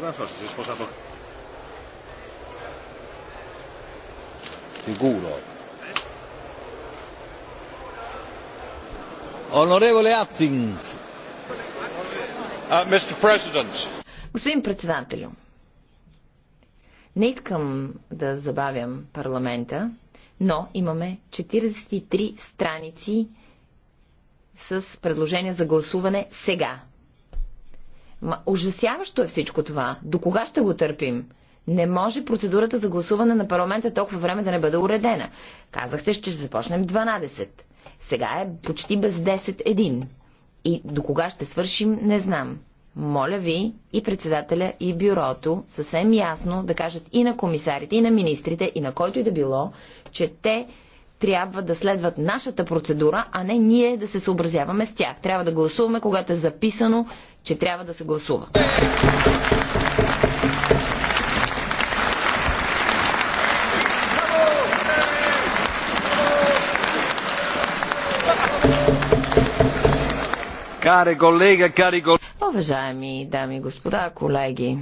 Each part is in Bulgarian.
brazos y uh, Mr. President. Господин председателю, не искам да забавям парламента, но имаме 43 страници с предложение за гласуване сега. Ма, ужасяващо е всичко това. До кога ще го търпим? Не може процедурата за гласуване на парламента толкова време да не бъде уредена. Казахте, че ще започнем 12. Сега е почти без 10-1. И до кога ще свършим, не знам. Моля ви и председателя и бюрото съвсем ясно да кажат и на комисарите, и на министрите, и на който и да било, че те трябва да следват нашата процедура, а не ние да се съобразяваме с тях. Трябва да гласуваме, когато е записано, че трябва да се гласува. Каре колега, кари колега. Уважаеми дами и господа, колеги,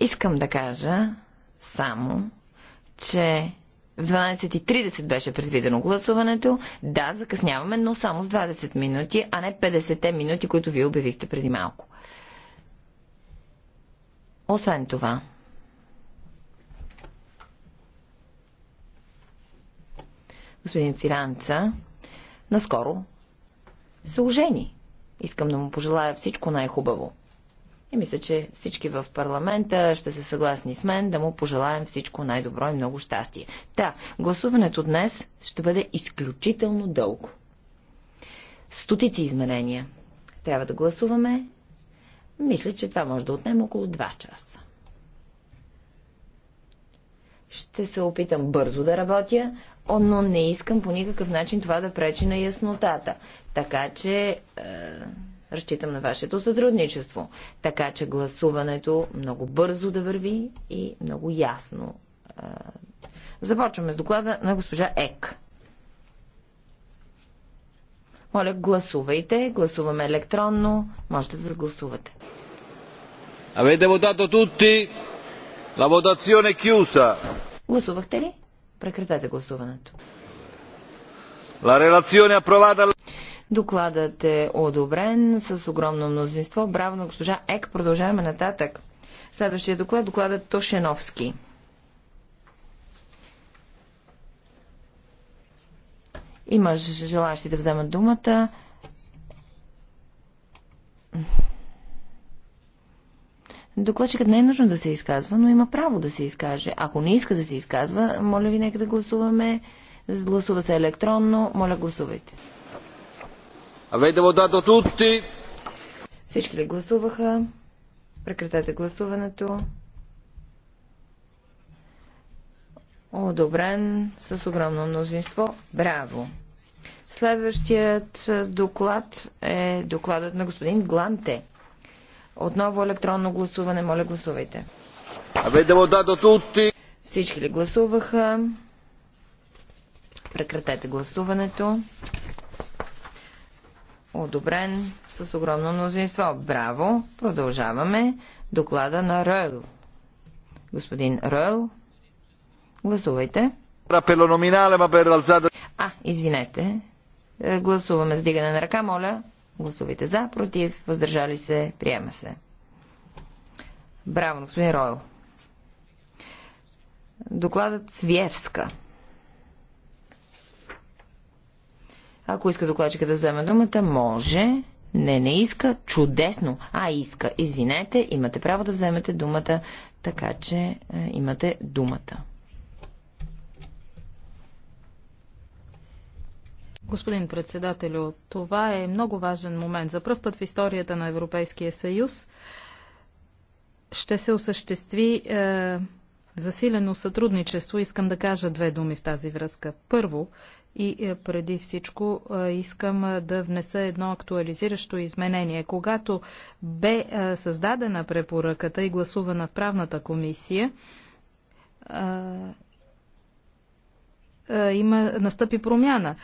искам да кажа само, че в 12.30 беше предвидено гласуването. Да, закъсняваме, но само с 20 минути, а не 50-те минути, които вие обявихте преди малко. Освен това, господин Фиранца наскоро се ожени. Искам да му пожелая всичко най-хубаво. И мисля, че всички в парламента ще са съгласни с мен да му пожелаем всичко най-добро и много щастие. Да, гласуването днес ще бъде изключително дълго. Стотици изменения. Трябва да гласуваме. Мисля, че това може да отнеме около 2 часа. Ще се опитам бързо да работя, но не искам по никакъв начин това да пречи на яснотата. Така че е, Разчитам на вашето сътрудничество, така че гласуването много бързо да върви и много ясно. Започваме с доклада на госпожа Ек. Моля, гласувайте. Гласуваме електронно. Можете да гласувате. Avete votato tutti? La votazione chiusa. Гласувахте ли? Прекратете гласуването. La relazione approvata Докладът е одобрен с огромно мнозинство. Браво на госпожа Ек. Продължаваме нататък. Следващия доклад, докладът Тошеновски. Има желащи да вземат думата. Докладчикът не е нужно да се изказва, но има право да се изкаже. Ако не иска да се изказва, моля ви нека да гласуваме. Гласува се електронно. Моля, гласувайте. Avete votato tutti? Всички ли гласуваха? Прекратете гласуването. Одобрен с огромно мнозинство. Браво! Следващият доклад е докладът на господин Гланте. Отново електронно гласуване. Моля, гласувайте. Avete votato tutti? Всички ли гласуваха? Прекратете гласуването одобрен с огромно мнозинство. Браво! Продължаваме. Доклада на Ройл. Господин Ройл, гласувайте. А, извинете. Е, гласуваме с дигане на ръка, моля. Гласувайте за, против, въздържали се, приема се. Браво, господин Ройл. Докладът Свиевска. Ако иска докладчика да вземе думата, може. Не, не иска. Чудесно. А, иска. Извинете, имате право да вземете думата, така че е, имате думата. Господин председателю, това е много важен момент. За пръв път в историята на Европейския съюз ще се осъществи е, засилено сътрудничество. Искам да кажа две думи в тази връзка. Първо, и е, преди всичко е, искам е, да внеса едно актуализиращо изменение. Когато бе създадена препоръката и гласувана в правната комисия, има, настъпи промяна.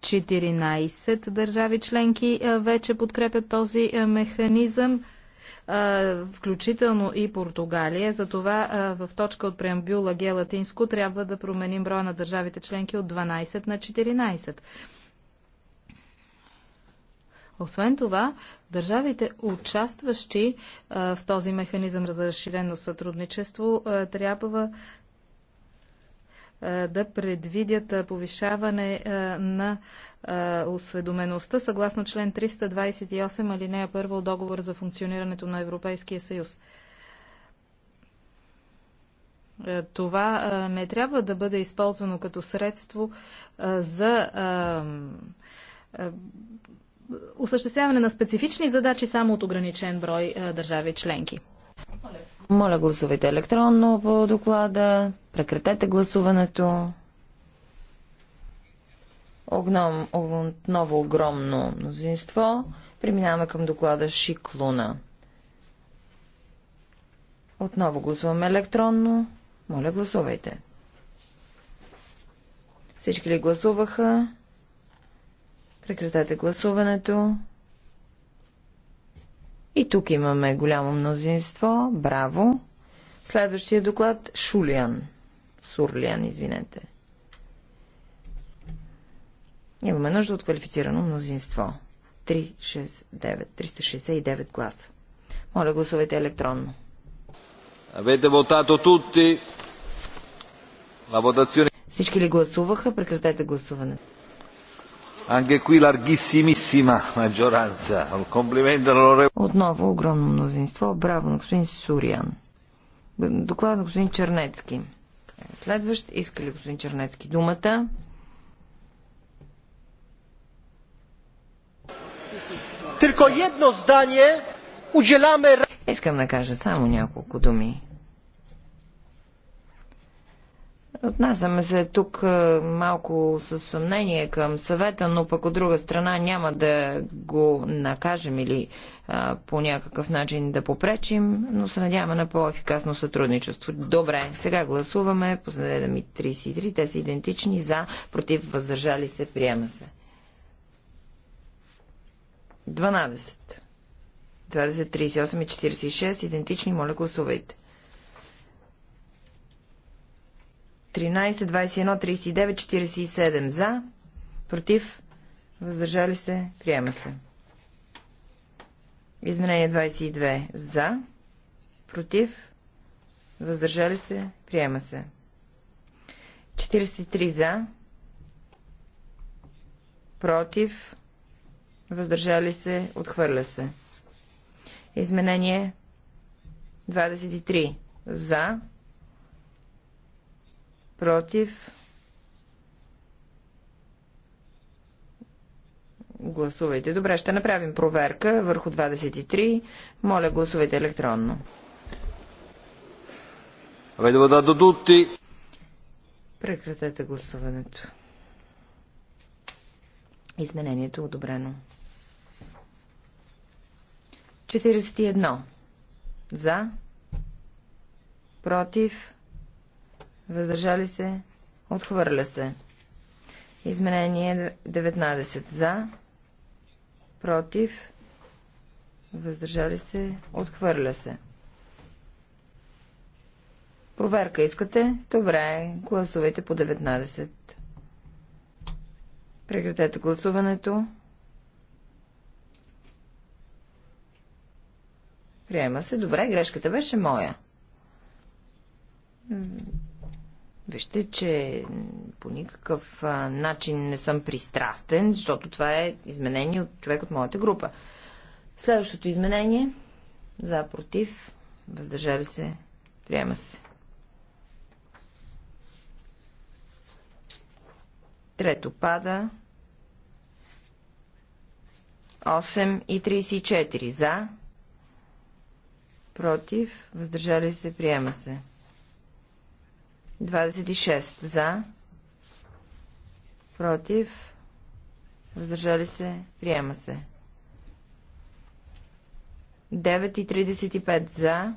14 държави членки вече подкрепят този механизъм включително и Португалия. Затова в точка от преамбюла ге латинско трябва да променим броя на държавите членки от 12 на 14. Освен това, държавите, участващи в този механизъм за разширено сътрудничество, трябва е, да предвидят е, повишаване е, на осведомеността съгласно член 328 алинея 1 от договора за функционирането на Европейския съюз. Това не трябва да бъде използвано като средство за осъществяване на специфични задачи само от ограничен брой държави членки. Моля гласувайте електронно по доклада. Прекратете гласуването. Огном, отново огромно мнозинство. Преминаваме към доклада Шиклуна. Отново гласуваме електронно. Моля, гласувайте. Всички ли гласуваха? Прекратете гласуването. И тук имаме голямо мнозинство. Браво! Следващия доклад Шулиан. Сурлиан, извинете. Имаме нужда от квалифицирано мнозинство. 369, 369 гласа. Моля, гласувайте електронно. Avete votato tutti? La votazione... Всички ли гласуваха? Прекратете гласуването. Anche qui larghissimissima maggioranza. all'onorevole. Отново огромно мнозинство. Браво на господин Сурян. Доклад на господин Чернецки. Следващ. Иска ли господин Чернецки думата? Искам да кажа само няколко думи. Отнасяме се тук е, малко с съмнение към съвета, но пък от друга страна няма да го накажем или а, е, по някакъв начин да попречим, но се надяваме на по-ефикасно сътрудничество. Добре, сега гласуваме по ми 33, те са идентични, за, против, въздържали се, приема се. 12. 20, 38 и 46 идентични, моля гласувайте. 13, 21, 39, 47 за, против, въздържали се, приема се. Изменение 22 за, против, въздържали се, приема се. 43 за, против, въздържали се, отхвърля се. Изменение 23 за, против, гласувайте. Добре, ще направим проверка върху 23. Моля, гласувайте електронно. Прекратете гласуването. Изменението е одобрено. 41. За. Против въздържали се, отхвърля се. Изменение 19 за, против, въздържали се, отхвърля се. Проверка искате? Добре, гласувайте по 19. Прекратете гласуването. Приема се. Добре, грешката беше моя. Вижте, че по никакъв начин не съм пристрастен, защото това е изменение от човек от моята група. Следващото изменение. За, против, въздържали се, приема се. Трето пада. 8 и 34 за. Против, въздържали се, приема се. 26 за, против, въздържали се, приема се. 9,35 за,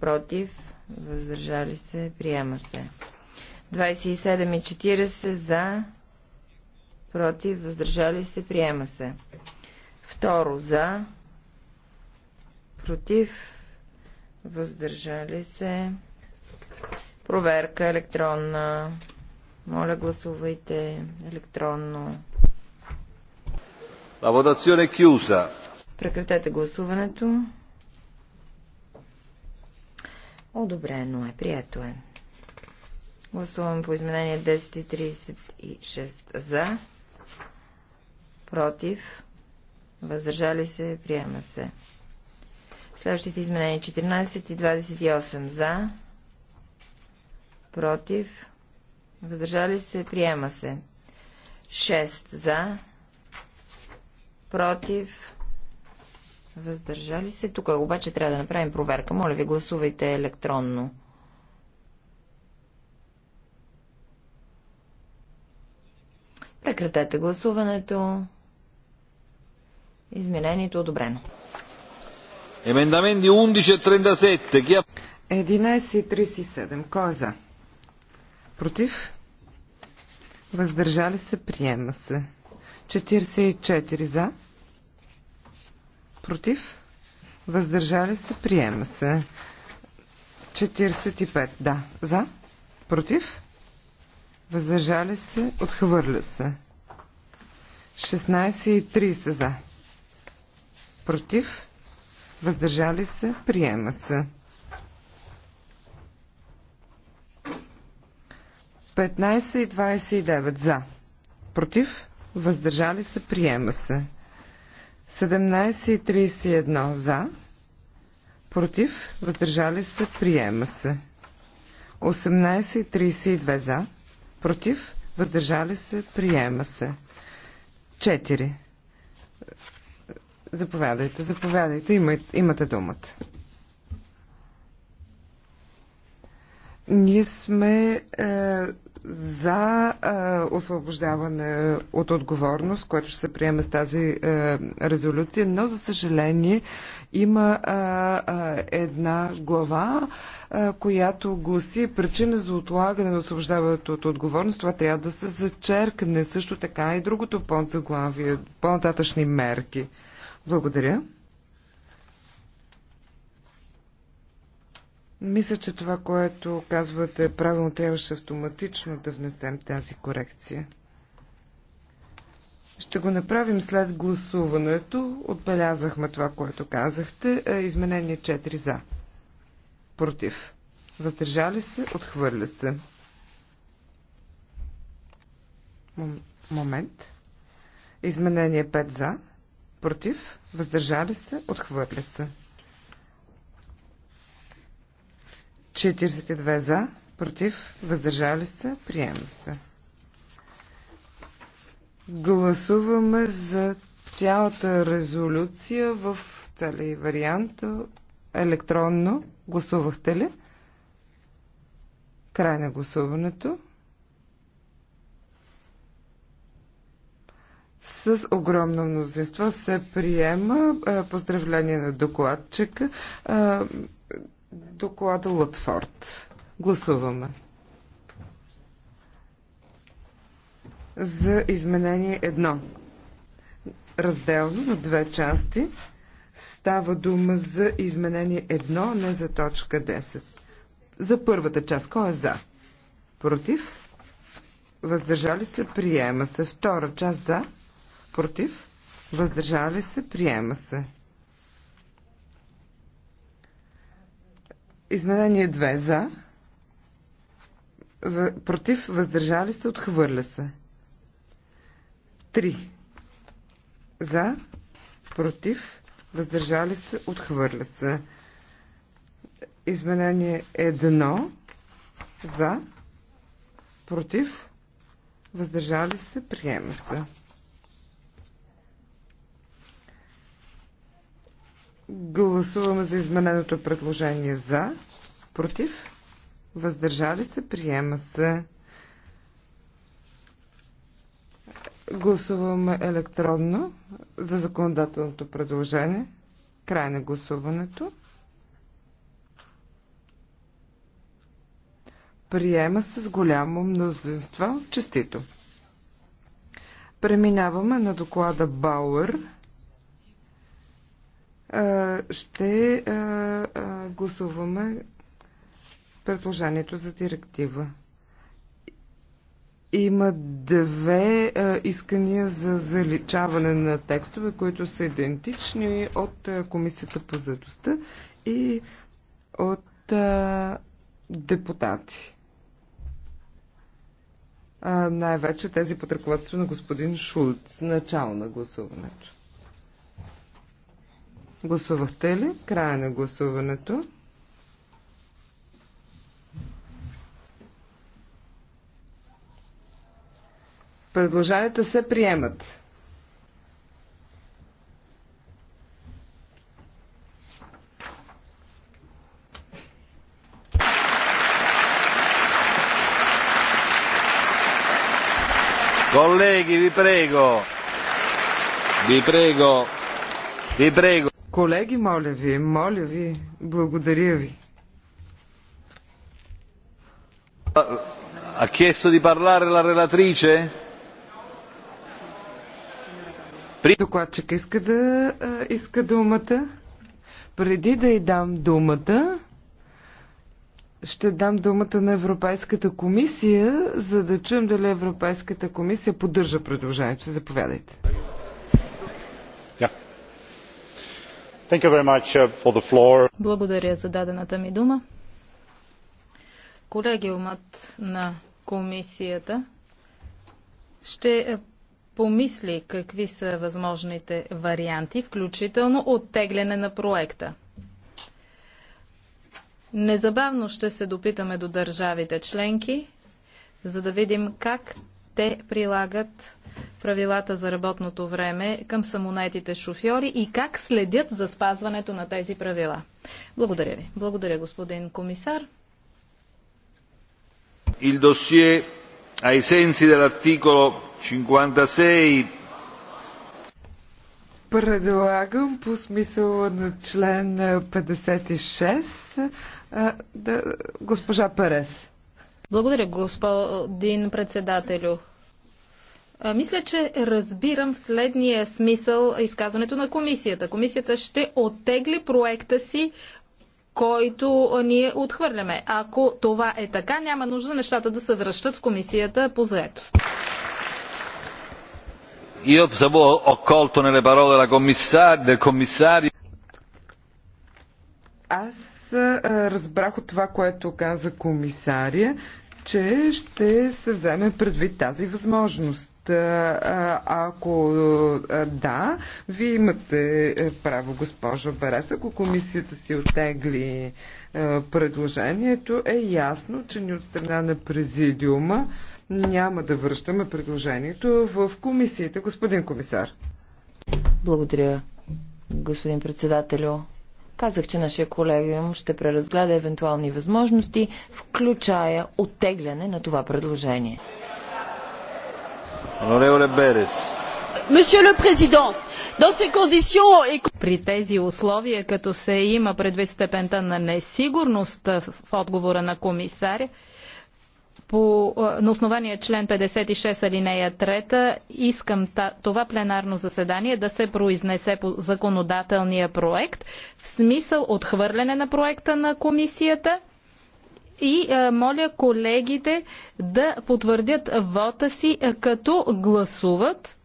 против, въздържали се, приема се. 27 и за, против, въздържали се, приема се. Второ за, против, въздържали се, приема се. Проверка електронна. Моля, гласувайте електронно. La votazione è chiusa. Прекратете гласуването. Одобрено е, прието е. Гласувам по изменение 10.36 за, против, въздържали се, приема се. Следващите изменения 14 и 28 за, против, въздържали се, приема се. 6 за, против, въздържали се. Тук обаче трябва да направим проверка. Моля ви, гласувайте електронно. Прекратете гласуването. Изменението е одобрено. Емендаменти 11.37. 11.37. Кой е за? Против? Въздържали се, приема се. 44 за. Против? Въздържали се, приема се. 45, да. За? Против? Въздържали се, отхвърля се. 16 и 30 за. Против? Въздържали се, приема се. 15 и 29 за. Против. Въздържали се. Приема се. 17 и 31 за. Против. Въздържали се. Приема се. 18 и 32 за. Против. Въздържали се. Приема се. 4. Заповядайте, заповядайте. Имате думата. Ние сме е, за е, освобождаване от отговорност, което ще се приеме с тази е, резолюция, но за съжаление има е, е, една глава, е, която гласи причина за отлагане на освобождаването от отговорност. Това трябва да се зачеркне също така и другото подзаглавие, по-нататъчни мерки. Благодаря. Мисля, че това, което казвате правилно, трябваше автоматично да внесем тази корекция. Ще го направим след гласуването. Отбелязахме това, което казахте. Е, изменение 4 за. Против. Въздържали се, отхвърля се. Момент. Изменение 5 за. Против. Въздържали се, отхвърля се. 42 за, против, въздържали се, приема се. Гласуваме за цялата резолюция в целия вариант електронно. Гласувахте ли? Край на гласуването. С огромно мнозинство се приема. Е, поздравление на докладчика. Е, доклада Лътфорд. Гласуваме. За изменение едно. Разделно на две части става дума за изменение едно, не за точка 10. За първата част. Кой е за? Против? Въздържали се? Приема се. Втора част за? Против? Въздържали се? Приема се. Изменение 2 за. Против, въздържали се, отхвърля се. 3 за. Против, въздържали се, отхвърля се. Изменение 1 за. Против, въздържали се, приема се. Гласуваме за измененото предложение за, против, въздържали се, приема се. Гласуваме електронно за законодателното предложение. Край на гласуването. Приема се с голямо мнозинство. Честито. Преминаваме на доклада Бауър ще гласуваме предложението за директива. Има две искания за заличаване на текстове, които са идентични от Комисията по заедостта и от депутати. най-вече тези под ръководство на господин Шулц, начало на гласуването. Гласувахте ли? Края на гласуването. Предложенията се приемат. Колеги, ви прего. Ви прего. Ви прего. Колеги, моля ви, моля ви, благодаря ви. Ha chiesto di parlare la relatrice? Докладчик иска да иска думата. Преди да й дам думата, ще дам думата на Европейската комисия, за да чуем дали Европейската комисия поддържа предложението. Заповядайте. Uh, Благодаря за дадената ми дума. Колегиумът на комисията ще е, помисли какви са възможните варианти, включително оттегляне на проекта. Незабавно ще се допитаме до държавите членки, за да видим как те прилагат правилата за работното време към самонетите шофьори и как следят за спазването на тези правила. Благодаря ви. Благодаря, господин комисар. Il dossier ai sensi dell'articolo 56 Предлагам по смисъла на член 56 да, госпожа Перес. Благодаря, господин председателю. Мисля, че разбирам в следния смисъл изказването на комисията. Комисията ще оттегли проекта си, който ние отхвърляме. Ако това е така, няма нужда нещата да се връщат в комисията по заетост. Io accolto nelle parole della commissar- del commissario. Аз разбрах от това, което каза комисария, че ще се вземе предвид тази възможност. Е, ако е, да, вие имате е, право, госпожо Берес, ако комисията си отегли предложението, е ясно, че ни от страна на президиума няма да връщаме предложението в комисията, господин комисар. Благодаря, господин председателю. Казах, че нашия колегиум ще преразгледа евентуални възможности, включая оттегляне на това предложение при тези условия, като се има предвид степента на несигурност в отговора на комисаря, по, на основание член 56 алинея 3 искам това пленарно заседание да се произнесе по законодателния проект в смисъл отхвърляне на проекта на комисията и а, е, моля колегите да потвърдят вота си, а, е, като гласуват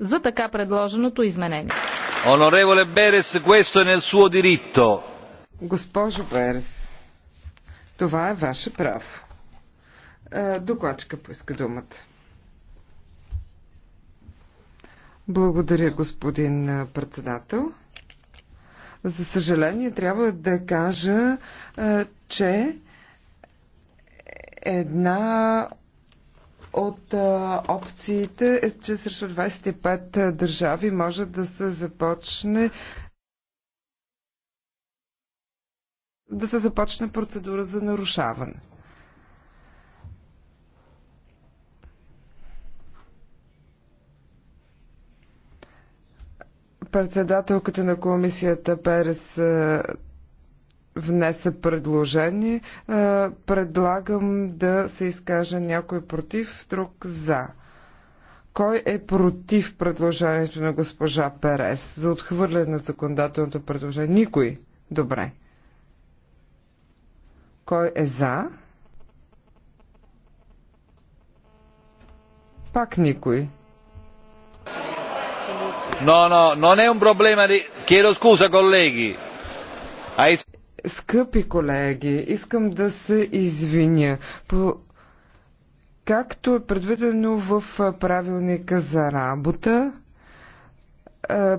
за така предложеното изменение. Онореволе Берес, questo е nel suo diritto. Госпожо Берес, това е ваше право. Е, докладчика поиска думата. Благодаря, господин председател. За съжаление, трябва да кажа, че една от а, опциите е, че срещу 25 държави може да се започне да се започне процедура за нарушаване. Председателката на комисията Перес Внеса предложение. Е, предлагам да се изкаже някой против, друг за. Кой е против предложението на госпожа Перес за отхвърляне на законодателното предложение? Никой. Добре. Кой е за? Пак никой. Но, но не è проблема. problema di... Chiedo scusa, colleghi. Скъпи колеги, искам да се извиня. По... Както е предвидено в правилника за работа,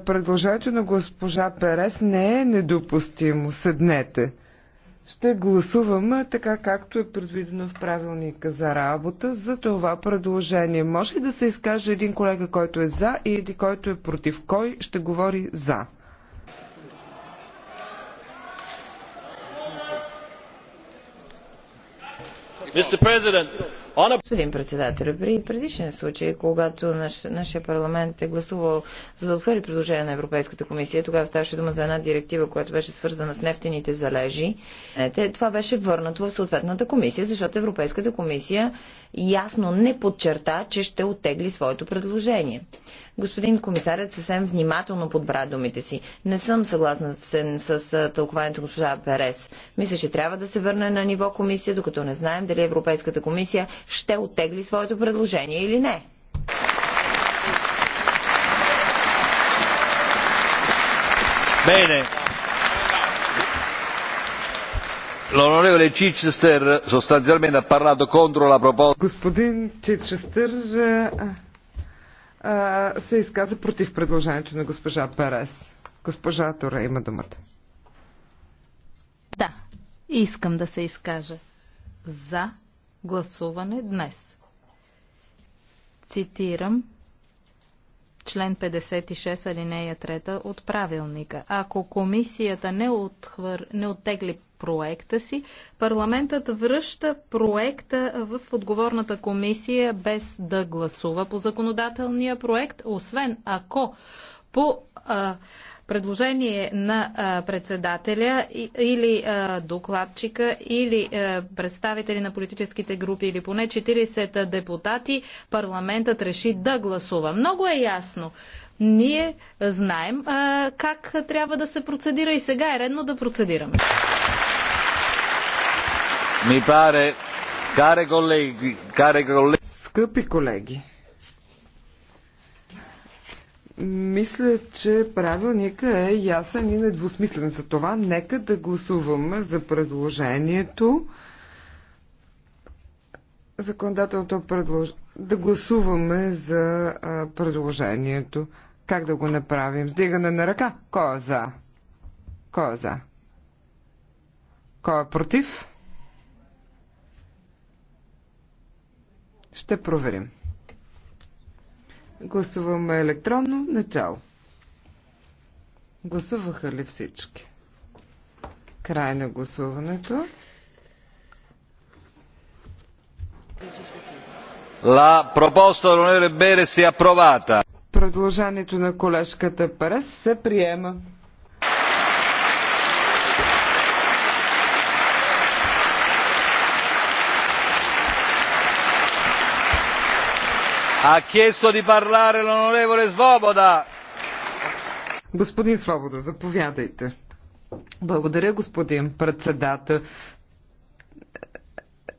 предложението на госпожа Перес не е недопустимо. Седнете. Ще гласуваме така, както е предвидено в правилника за работа за това предложение. Може ли да се изкаже един колега, който е за и един, който е против? Кой ще говори за? Господин председател, при предишен случай, когато наш, нашия парламент е гласувал за да отхвърли предложение на Европейската комисия, тогава ставаше дума за една директива, която беше свързана с нефтените залежи. Е, това беше върнато в съответната комисия, защото Европейската комисия ясно не подчерта, че ще оттегли своето предложение. Господин комисарят съвсем внимателно подбра думите си. Не съм съгласна с, с тълкованието госпожа Перес. Мисля, че трябва да се върне на ниво комисия, докато не знаем дали Европейската комисия ще отегли своето предложение или не. Bene. L'onorevole Chichester sostanzialmente ha parlato contro la proposta. Господин Чичестър се изказа против предложението на госпожа Перес. Госпожа Тора има думата. Да, искам да се изкажа за гласуване днес. Цитирам член 56 алинея 3 от правилника. Ако комисията не, отхвър... не оттегли проекта си, парламентът връща проекта в отговорната комисия без да гласува по законодателния проект, освен ако по а, предложение на председателя или докладчика или представители на политическите групи или поне 40 депутати, парламентът реши да гласува. Много е ясно. Ние знаем как трябва да се процедира и сега е редно да процедираме. Ми паре, каре колеги, каре колеги. Скъпи колеги, мисля, че правилника е ясен и недвусмислен за това. Нека да гласуваме за предложението. Законодателното предложение. Да гласуваме за а, предложението. Как да го направим? Сдигане на ръка. Кой е за? Кой е за? Кой е против? Ще проверим. Гласуваме електронно начало. Гласуваха ли всички? Край на гласуването. La proposta dell'onorevole Beres è approvata. Предложението на колежката Парес се приема. Ha chiesto di parlare l'onorevole Svoboda. Господин Свобода, заповядайте. Благодаря, господин председател.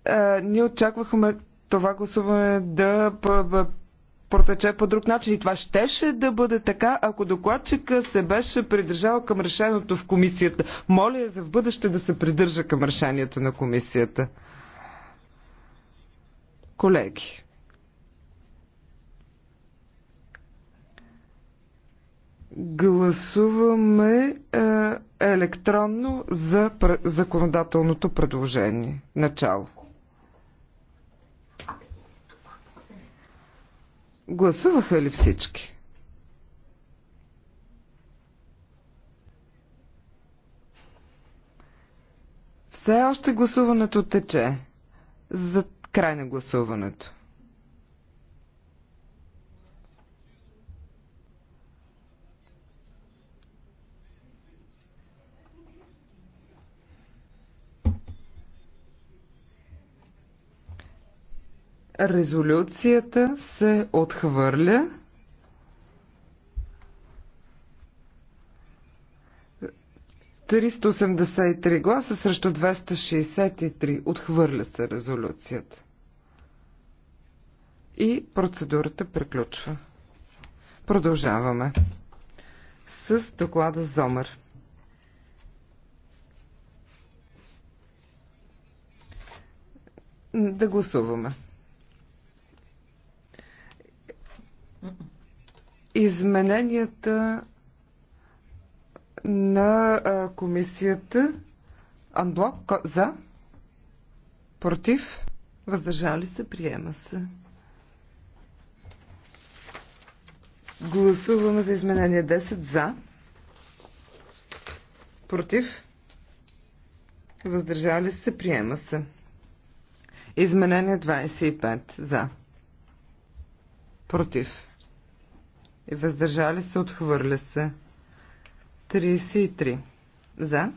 Е, е, ние очаквахме това гласуване да протече по друг начин. И това щеше да бъде така, ако докладчика се беше придържал към решението в комисията. Моля за в бъдеще да се придържа към решението на комисията. Колеги. гласуваме е, електронно за пр законодателното предложение. Начало. Гласуваха ли всички? Все още гласуването тече. За край на гласуването. Резолюцията се отхвърля. Триста гласа срещу 263. Отхвърля се резолюцията. И процедурата приключва. Продължаваме с доклада Зомър. Да гласуваме. измененията на комисията Анблок за, против, въздържали се, приема се. Гласуваме за изменение 10 за, против, въздържали се, приема се. Изменение 25 за, против, и въздържали се, отхвърля се. 33 за,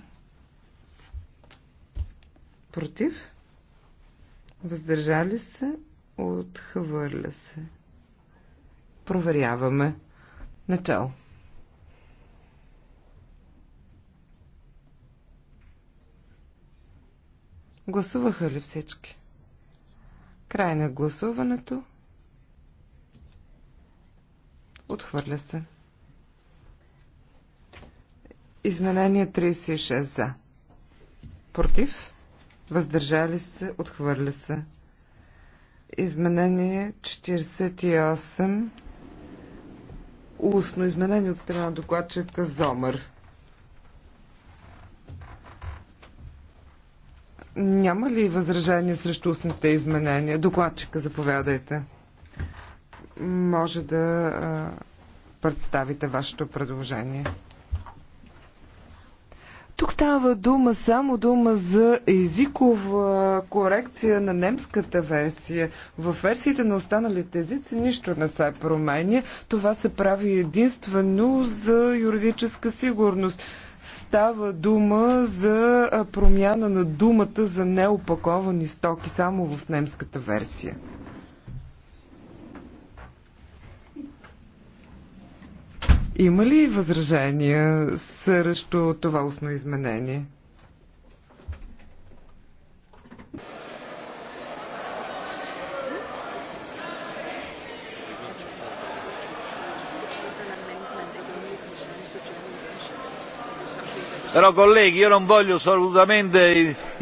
против, въздържали се, отхвърля се. Проверяваме. Начало. Гласуваха ли всички? Край на гласуването. Отхвърля се. Изменение 36 за. Против. Въздържали се. Отхвърля се. Изменение 48. Устно изменение от страна на докладчика Зомър. Няма ли възражение срещу устните изменения? Докладчика, заповядайте може да представите вашето предложение. Тук става дума само дума за езикова корекция на немската версия. В версиите на останалите езици нищо не се променя. Това се прави единствено за юридическа сигурност. Става дума за промяна на думата за неопаковани стоки само в немската версия. Има ли възражения срещу това устно изменение? Però colleghi, io non voglio assolutamente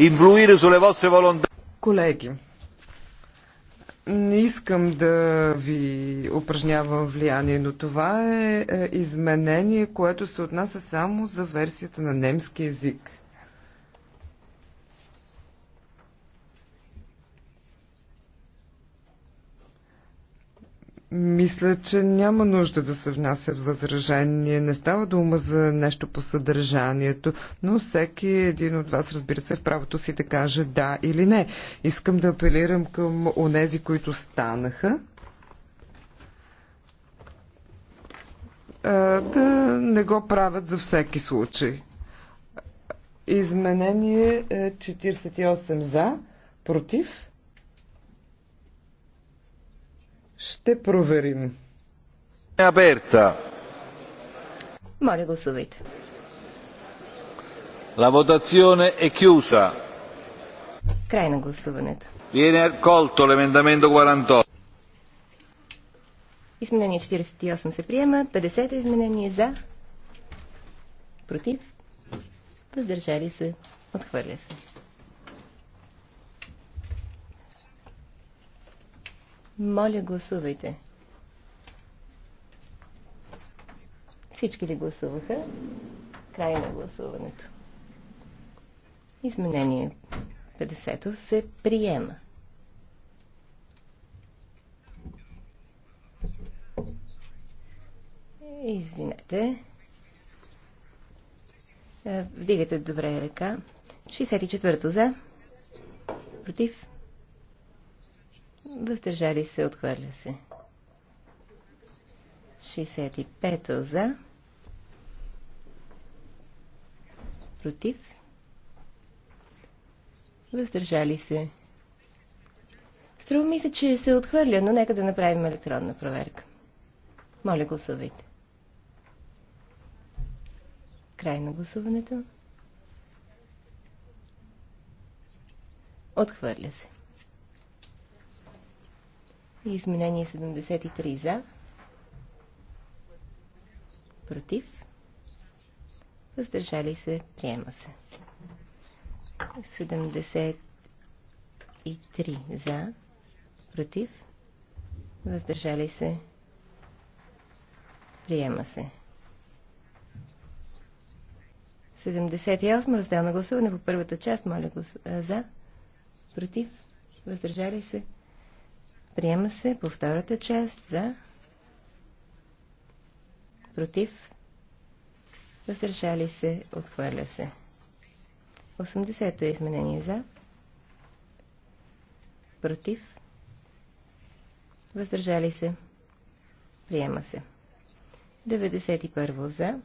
influire sulle vostre volontà. Colleghi, не искам да ви упражнявам влияние, но това е, е изменение, което се отнася само за версията на немски язик. Мисля, че няма нужда да се внасят възражения. Не става дума за нещо по съдържанието, но всеки един от вас, разбира се, в правото си да каже да или не. Искам да апелирам към онези, които станаха, да не го правят за всеки случай. Изменение 48 е, за, против Ще проверим. Аперта. Е, Моля, гласувайте. La votazione è chiusa. Край на гласуването. Viene accolto l'emendamento 48. Изменение 48 се приема. 50-то изменение за. Против. Въздържали се. Отхвърля се. Моля, гласувайте. Всички ли гласуваха? Край на гласуването. Изменение 50 се приема. Извинете. Е, вдигате добре ръка. 64-то за. Против. Въздържали се, отхвърля се. 65 за. Против. Въздържали се. Струва ми се, че се отхвърля, но нека да направим електронна проверка. Моля, гласувайте. Край на гласуването. Отхвърля се. Изменение 73 за. Против. Въздържали се. Приема се. 73 за. Против. Въздържали се. Приема се. 78 раздел на гласуване по първата част. Моля за. Против. Въздържали се. Приема се по втората част за против. Въздържали се, отхвърля се. 80-то е изменение за против. Въздържали се. Приема се. 91 за.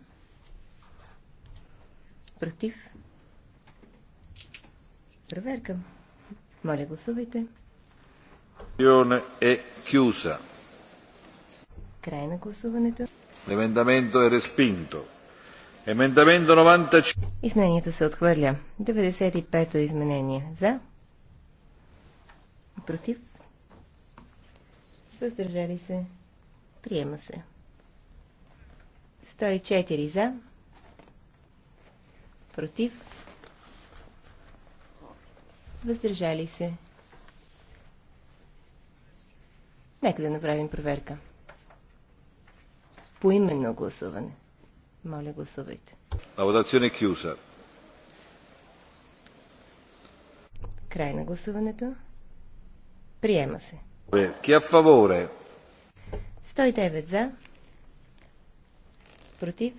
Против. Проверка. Моля, гласувайте. Край на гласуването. L'emendamento è respinto. Emendamento 95. Изменението се отхвърля. 95-то изменение. За? Против? Въздържали се? Приема се. 104 за. Против? Въздържали се? Нека да направим проверка. Поименно гласуване. Моля, гласувайте. La votazione è Край на гласуването. Приема се. Chi фаворе. 109 за. Против.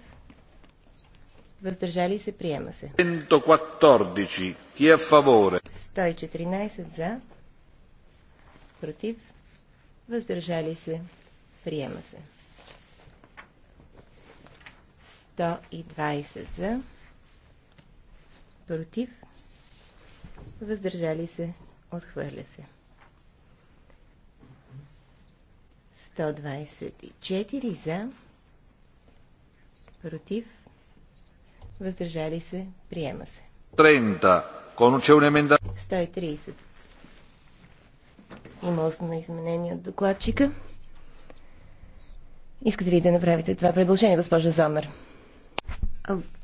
Въздържали се. Приема се. 114. Chi фаворе? 114 за. Против въздържали се, приема се. 120 за, против, въздържали се, отхвърля се. 124 за, против, въздържали се, приема се. 30. 130 има на изменение от докладчика. Искате ли да направите това предложение, госпожа Зомер?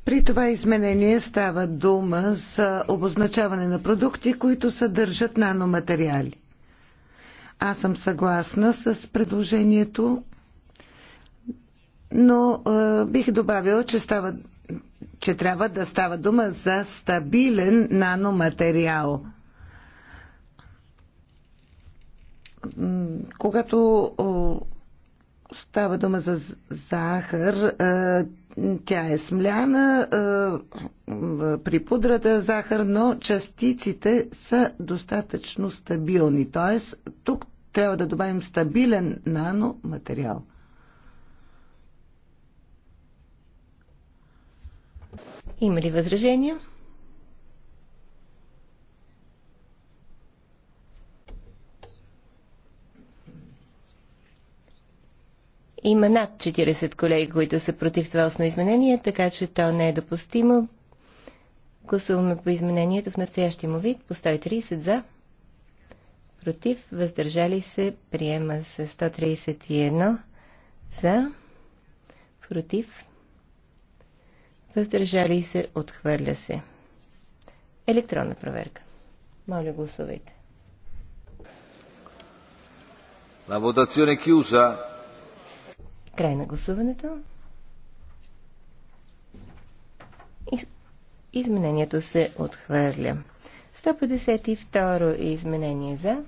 При това изменение става дума за обозначаване на продукти, които съдържат наноматериали. Аз съм съгласна с предложението, но е, бих добавила, че, става, че трябва да става дума за стабилен наноматериал – когато става дума за захар, е, тя е смляна е, при пудрата е захар, но частиците са достатъчно стабилни. Т.е. тук трябва да добавим стабилен наноматериал. Има ли възражения? Има над 40 колеги, които са против това основно изменение, така че то не е допустимо. Гласуваме по изменението в настоящия му вид по 130 за. Против, въздържали се, приема се 131 за. Против, въздържали се, отхвърля се. Електронна проверка. Моля, гласувайте. La votazione chiusa. Край на гласуването. Изменението се отхвърля. 152 изменение за.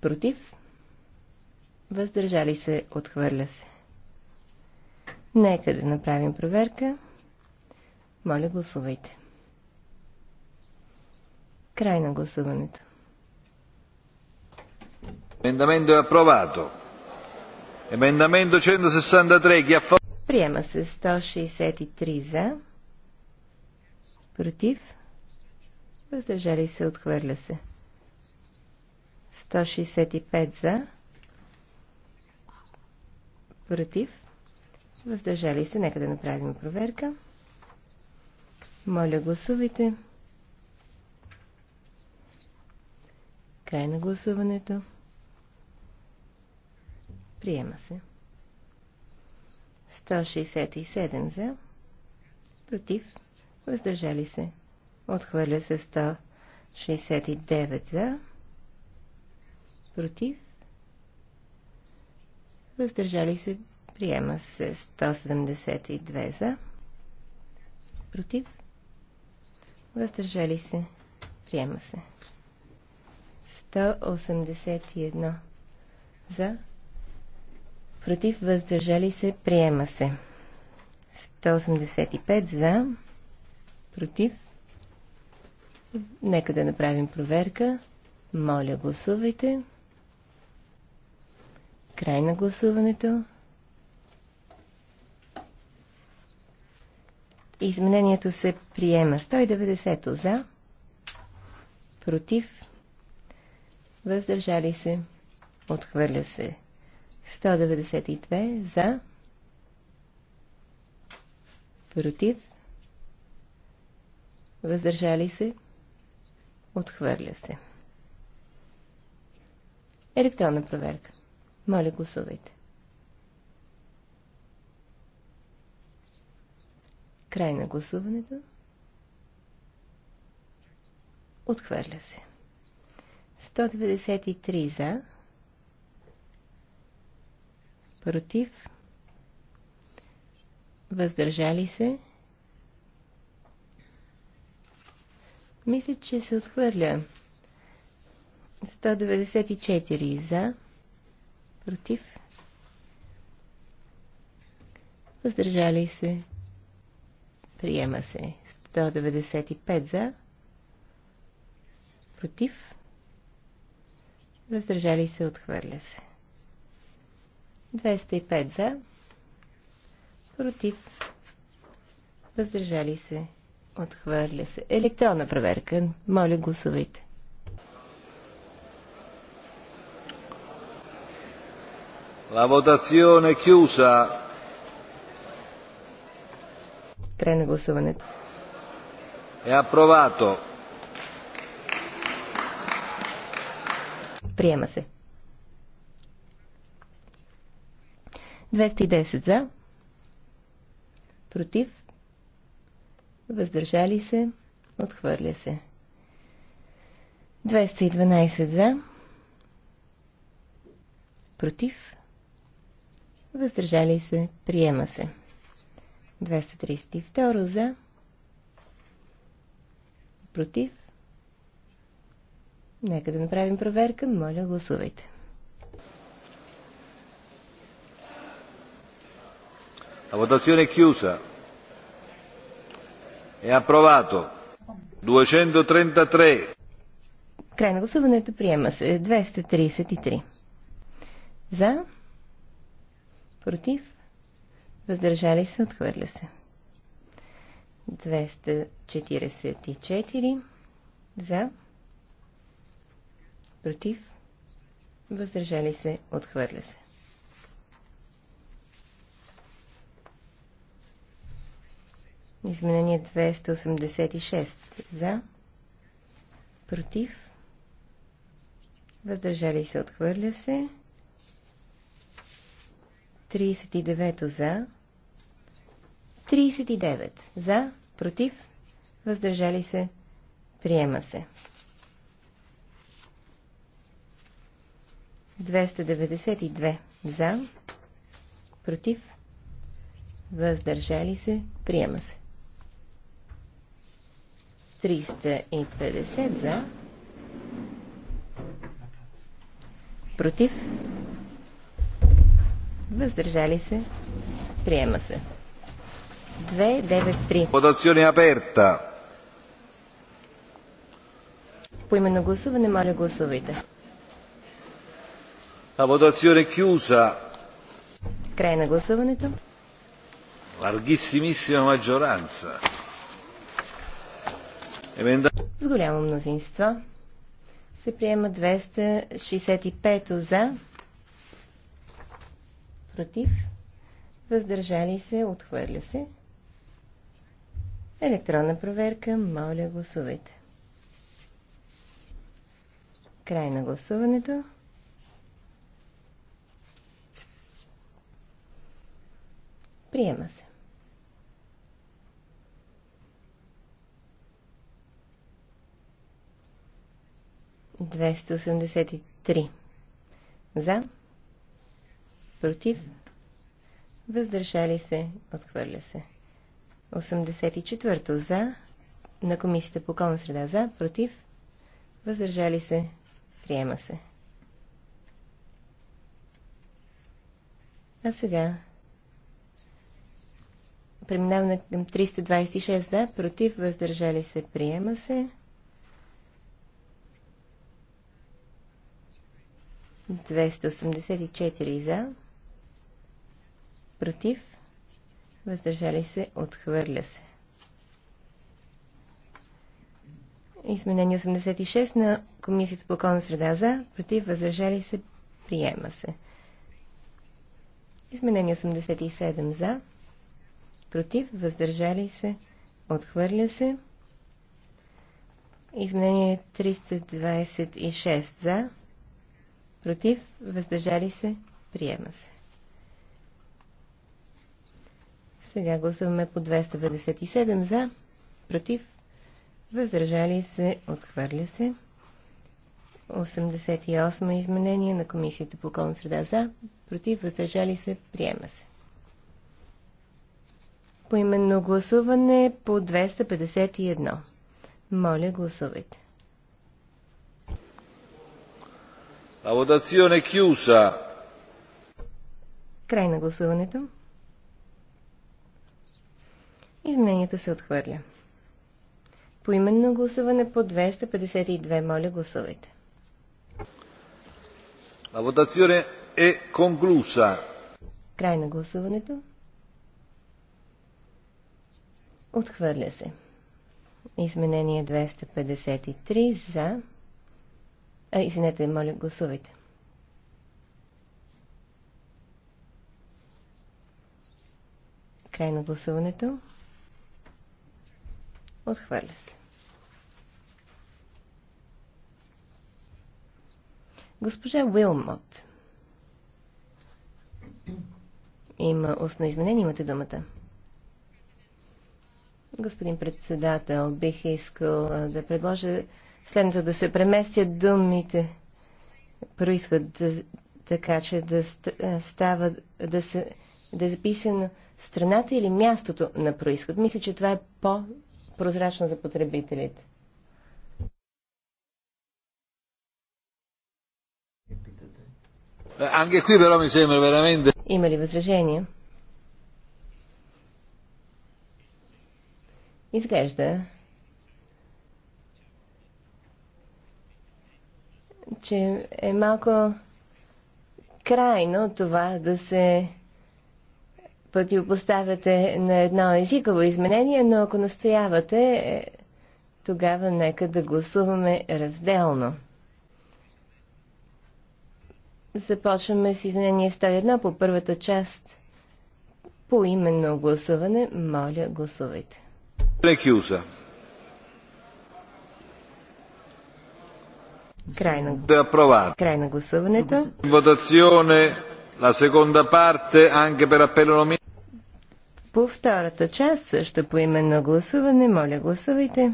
Против. Въздържали се, отхвърля се. Нека да направим проверка. Моля, гласувайте. Край на гласуването. Емендаменто е апровато. Емендаменто 163. Ги Приема се 163 за. Против. Въздържали се. Отхвърля се. 165 за. Против. Въздържали се. Нека да направим проверка. Моля, гласувайте. Край на гласуването. Приема се. 167 за. Против. Въздържали се. Отхвърля се 169 за. Против. Въздържали се. Приема се 172 за. Против. Въздържали се. Приема се. 181 за против, въздържали се, приема се. 185 за, против. Нека да направим проверка. Моля, гласувайте. Край на гласуването. Изменението се приема 190 за, против, въздържали се, отхвърля се 192 за, против, въздържали се, отхвърля се. Електронна проверка. Моля, гласувайте. Край на гласуването. Отхвърля се. 193 за против, въздържали се. Мисля, че се отхвърля. 194 за, против, въздържали се, приема се. 195 за, против, въздържали се, отхвърля се. 205 за, против, въздържали се, отхвърля се. Електронна проверка. Моля, гласувайте. La votazione chiusa. Prende на гласуването. Е апровато. Приема се. 210 за. Против. Въздържали се. Отхвърля се. 212 за. Против. Въздържали се. Приема се. 232 за. Против. Нека да направим проверка. Моля, гласувайте. La votazione è chiusa. Е апровато. 233. Край на гласуването приема се 233. За. Против. Въздържали се. Отхвърля се. 244. За. Против. Въздържали се. Отхвърля се. Изменение 286. За. Против. Въздържали се. Отхвърля се. 39 за. 39 за. Против. Въздържали се. Приема се. 292 за. Против. Въздържали се. Приема се. 350 за. Против. Въздържали се. Приема се. 293. Votazione aperta. Поименно гласуване, моля гласувайте. La votazione è chiusa. Край на гласуването. Larghissimissima maggioranza. С голямо мнозинство се приема 265 за, против, въздържали се, отхвърля се. Електронна проверка, моля гласувайте. Край на гласуването. Приема се. 283. За. Против. Въздържали се. Отхвърля се. 84. За. На Комисията по околна среда. За. Против. Въздържали се. Приема се. А сега преминаваме към 326 за, против, въздържали се, приема се. 284 за, против, въздържали се, отхвърля се. Изменение 86 на Комисията по околна среда за, против, въздържали се, приема се. Изменение 87 за, против, въздържали се, отхвърля се. Изменение 326 за, против, въздържали се, приема се. Сега гласуваме по 257 за, против, въздържали се, отхвърля се. 88 изменение на Комисията по околна среда за, против, въздържали се, приема се. Поименно гласуване по 251. Моля, гласувайте. La votazione è chiusa. Край на гласуването. Изменението се отхвърля. Поименно гласуване по 252. Моля, гласувайте. La votazione е conclusa. Край на гласуването. Отхвърля се. Изменение 253 за а, извинете, моля, гласувайте. Край на гласуването. Отхвърля се. Госпожа Уилмот. Има устно изменение, имате думата. Господин председател, бих искал да предложа следното да се преместят думите происход, да, така че да става, да, се, да е записано страната или мястото на происход. Мисля, че това е по-прозрачно за потребителите. Има ли възражения? Изглежда, че е малко крайно това да се противопоставяте на едно езиково изменение, но ако настоявате, тогава нека да гласуваме разделно. Започваме с изменение 101 по първата част. По именно гласуване, моля, гласувайте. Лекюза. Край на, Край на гласуването. Votazione la seconda parte anche per appello nominale. По втората част също по именно гласуване. Моля, гласувайте.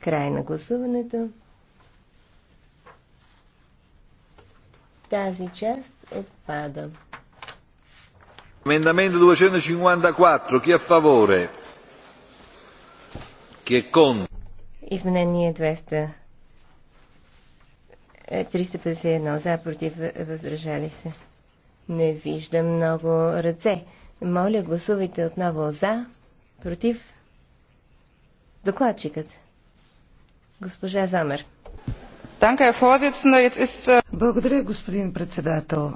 Край на гласуването. Тази част отпада. Emendamento 254. Ки е a favore? Chi è contro? Изменение 200. 351 е, за, против, възражали се. Не виждам много ръце. Моля, гласувайте отново за, против. Докладчикът. Госпожа Замер. Äh, Благодаря, господин председател.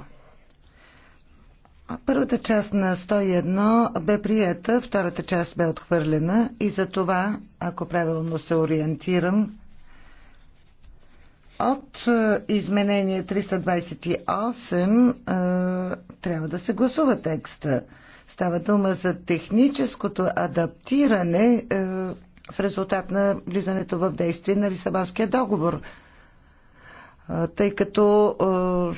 Първата част на 101 бе прията, втората част бе отхвърлена и за това, ако правилно се ориентирам, от е, изменение 328 е, трябва да се гласува текста. Става дума за техническото адаптиране е, в резултат на влизането в действие на Лисабонския договор тъй като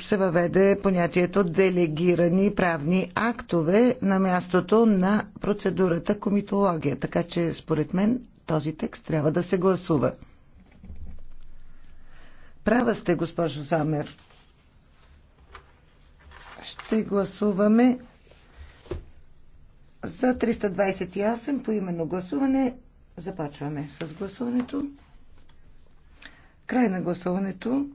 се въведе понятието делегирани правни актове на мястото на процедурата комитология. Така че, според мен, този текст трябва да се гласува. Права сте, госпожо Замер. Ще гласуваме за 328 по именно гласуване. Започваме с гласуването. Край на гласуването.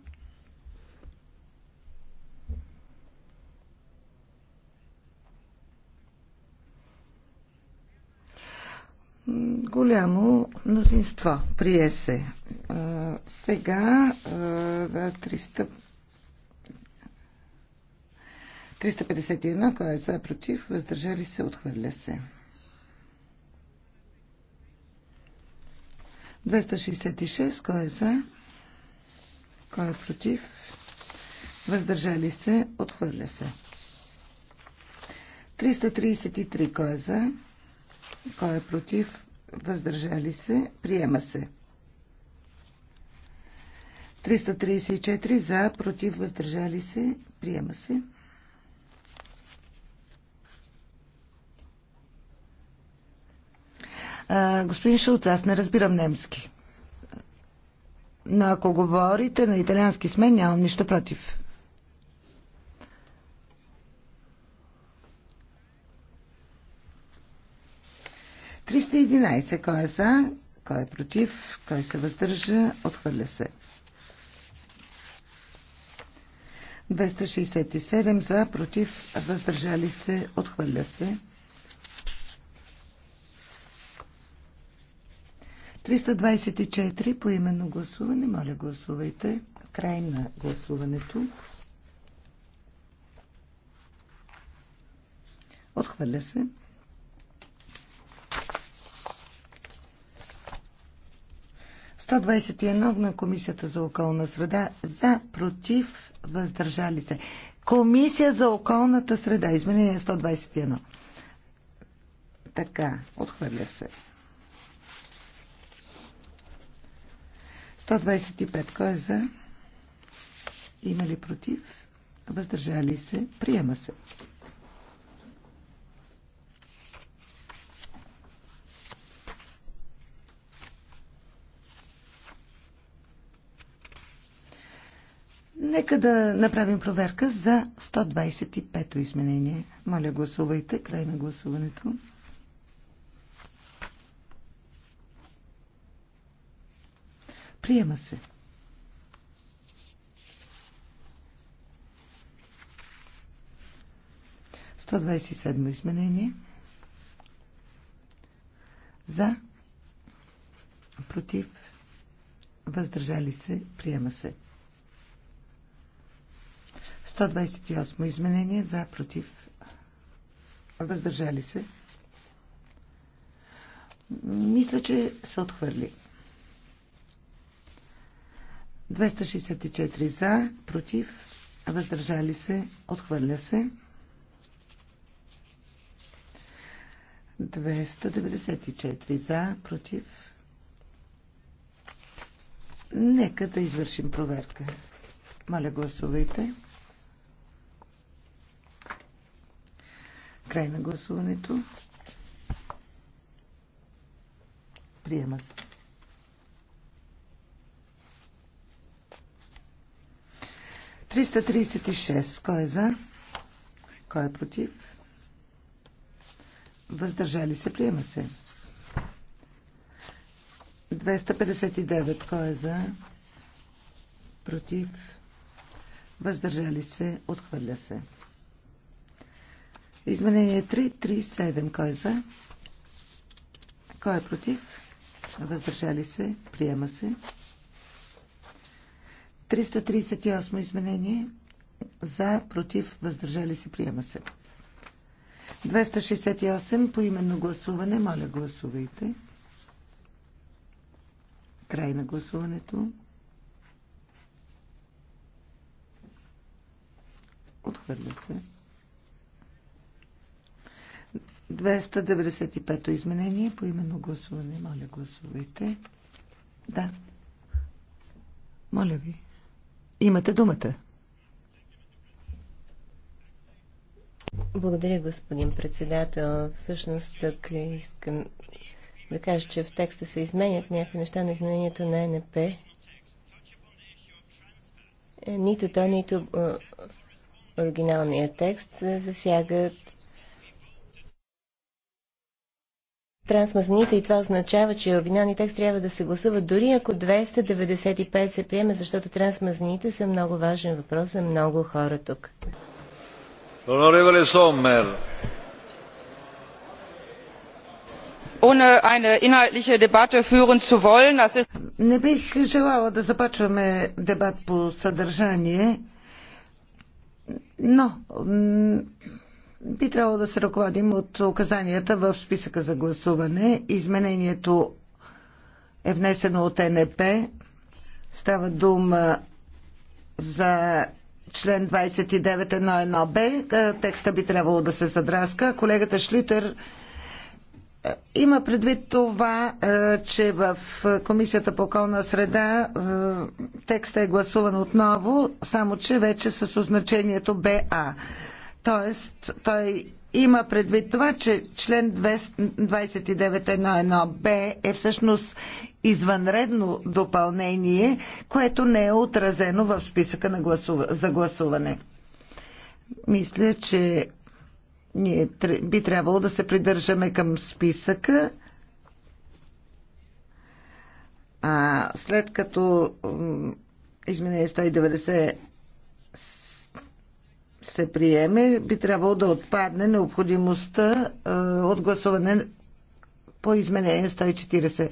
голямо мнозинство. Прие се. А, сега а, 300... 351, кой е за, против, въздържали се, отхвърля се. 266, кой е за, кой е против, въздържали се, отхвърля се. 333, кой е за, кой е против? Въздържали се? Приема се. 334 за, против, въздържали се. Приема се. А, Господин Шулц, аз не разбирам немски. Но ако говорите на италиански с мен, нямам нищо против. 311. Кой е за? Кой е против? Кой се въздържа? Отхвърля се. 267 за, против, въздържали се, отхвърля се. 324 по именно гласуване. Моля, гласувайте. Край на гласуването. Отхвърля се. 121 на Комисията за околна среда за против въздържали се. Комисия за околната среда. Изменение 121. Така, отхвърля се. 125. Кой е за? Има ли против? Въздържали се? Приема се. Нека да направим проверка за 125-то изменение. Моля, гласувайте. Край на гласуването. Приема се. Сто двадесет седмо изменение. За. Против. Въздържали се. Приема се. 128 изменение за против. Въздържали се. Мисля, че се отхвърли. 264 за, против, въздържали се, отхвърля се. 294 за, против. Нека да извършим проверка. Моля, гласувайте. Край на гласуването. Приема се. Триста тридесет и шест. Кой е за? Кой е против? Въздържали се. Приема се. 259. Кой е за? Против? Въздържали се. Отхвърля се. Изменение 337. Кой е за? Кой е против? Въздържали се? Приема се. 338 изменение. За, против, въздържали се, приема се. 268 по именно гласуване. Моля, гласувайте. Край на гласуването. Отхвърля се. 295-то изменение по именно гласуване. Моля, гласувайте. Да. Моля ви. Имате думата. Благодаря, господин председател. Всъщност, тук искам да кажа, че в текста се изменят някакви неща на изменението на НП. Е, нито то, нито оригиналният текст засягат трансмазнините и това означава, че оригинални текст трябва да се гласува дори ако 295 се приеме, защото трансмазнините са много важен въпрос за много хора тук. Sommer. Ohne eine inhaltliche Debatte führen zu wollen, das ist... Не бих желала да започваме дебат по съдържание, но би трябвало да се ръководим от указанията в списъка за гласуване. Изменението е внесено от НП. Става дума за член 29.1.1b. Текста би трябвало да се задраска. Колегата Шлютер е, има предвид това, е, че в Комисията по околна среда е, текста е гласуван отново, само че вече с означението БА. Тоест, той има предвид това, че член 29.1.1.b е всъщност извънредно допълнение, което не е отразено в списъка на гласува, за гласуване. Мисля, че ние би трябвало да се придържаме към списъка. А след като изменение 190 се приеме, би трябвало да отпадне необходимостта от гласуване по изменение 140.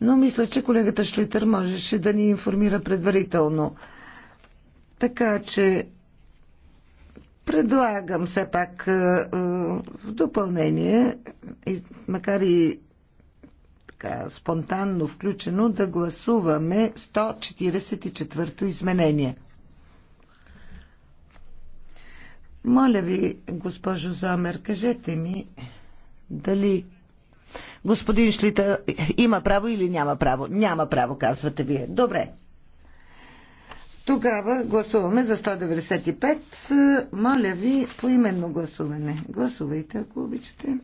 Но мисля, че колегата Шлитър можеше да ни информира предварително. Така че предлагам все пак в допълнение, макар и така, спонтанно включено, да гласуваме 144-то изменение. Моля ви, госпожо Замер, кажете ми дали господин Шлита има право или няма право. Няма право, казвате вие. Добре. Тогава гласуваме за 195. Моля ви, по именно гласуване. Гласувайте, ако обичате.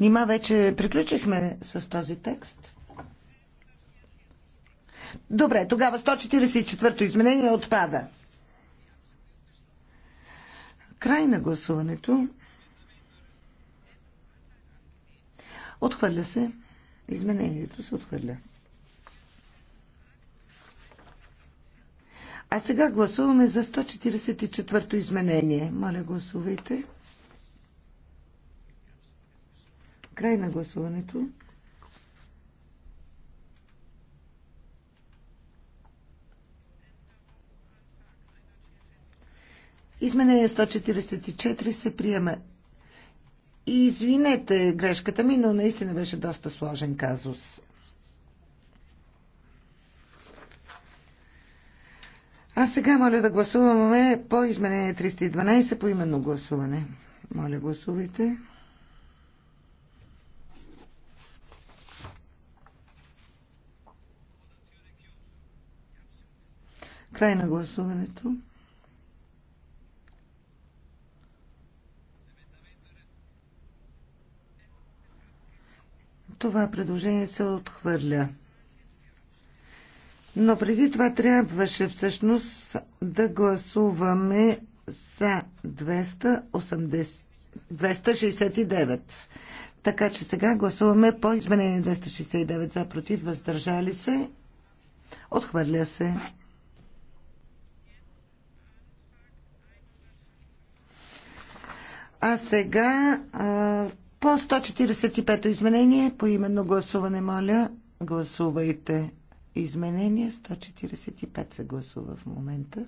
Нима вече приключихме с този текст. Добре, тогава 144-то изменение отпада. Край на гласуването. Отхвърля се. Изменението се отхвърля. А сега гласуваме за 144-то изменение. Моля, гласувайте. Край на гласуването. Изменение 144 се приема. Извинете грешката ми, но наистина беше доста сложен казус. А сега моля да гласуваме по изменение 312 по именно гласуване. Моля, гласувайте. Край на гласуването. Това предложение се отхвърля. Но преди това трябваше всъщност да гласуваме за 280, 269. Така че сега гласуваме по изменение 269 за против, въздържали се, отхвърля се. А сега по 145-то изменение, по именно гласуване, моля, гласувайте. Изменение 145 се гласува в момента.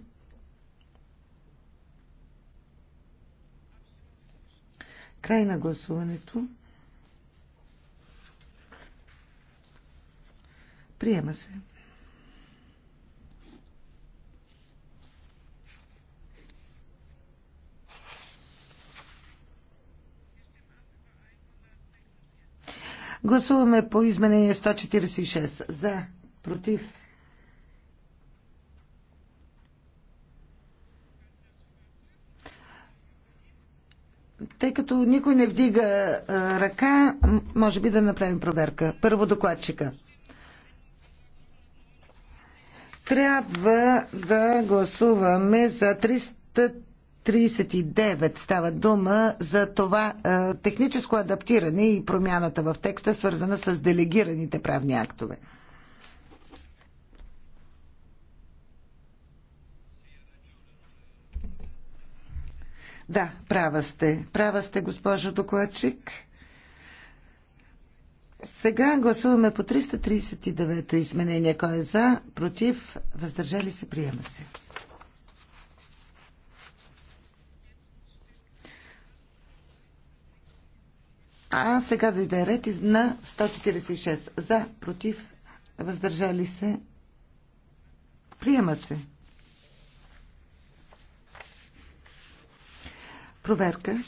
Край на гласуването. Приема се. Гласуваме по изменение 146. За. Против. Тъй като никой не вдига а, ръка, може би да направим проверка. Първо докладчика. Трябва да гласуваме за 300 39 става дума за това е, техническо адаптиране и промяната в текста, свързана с делегираните правни актове. Да, права сте. Права сте, госпожо докладчик. Сега гласуваме по 339 изменения. изменение. Кой е за, против, въздържали се, приема се. А сега дойде ред на 146. За, против, въздържали се. Приема се. Проверка.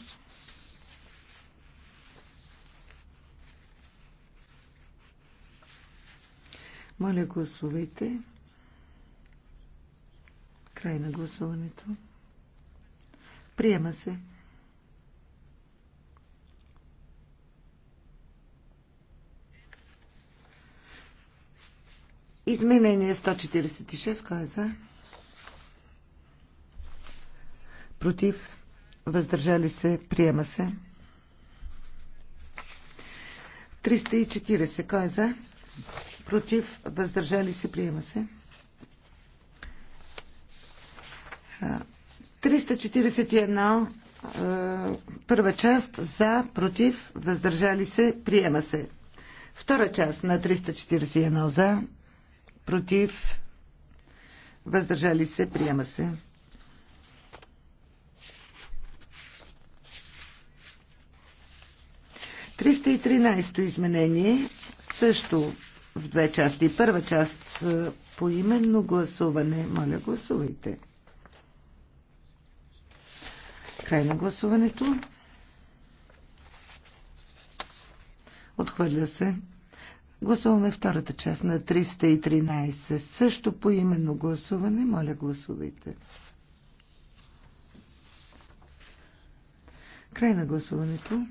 Моля, гласувайте. Край на гласуването. Приема се. Изменение 146. Кой е за? Против. Въздържали се. Приема се. 340. Кой е за? Против. Въздържали се. Приема се. 341. Е, първа част. За. Против. Въздържали се. Приема се. Втора част на 341. За против, въздържали се, приема се. Триста и тринайсто изменение също в две части. Първа част по именно гласуване. Моля, гласувайте. Край на гласуването. Отхвърля се. Гласуваме втората част на 313. Също по именно гласуване. Моля, гласувайте. Край на гласуването.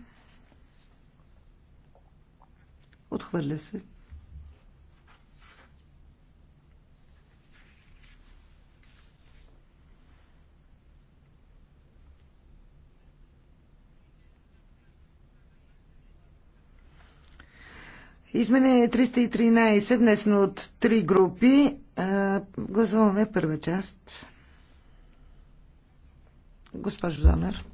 Отхвърля се. Изменение 313, внесено от три групи. Гласуваме първа част. Госпожо Зонер.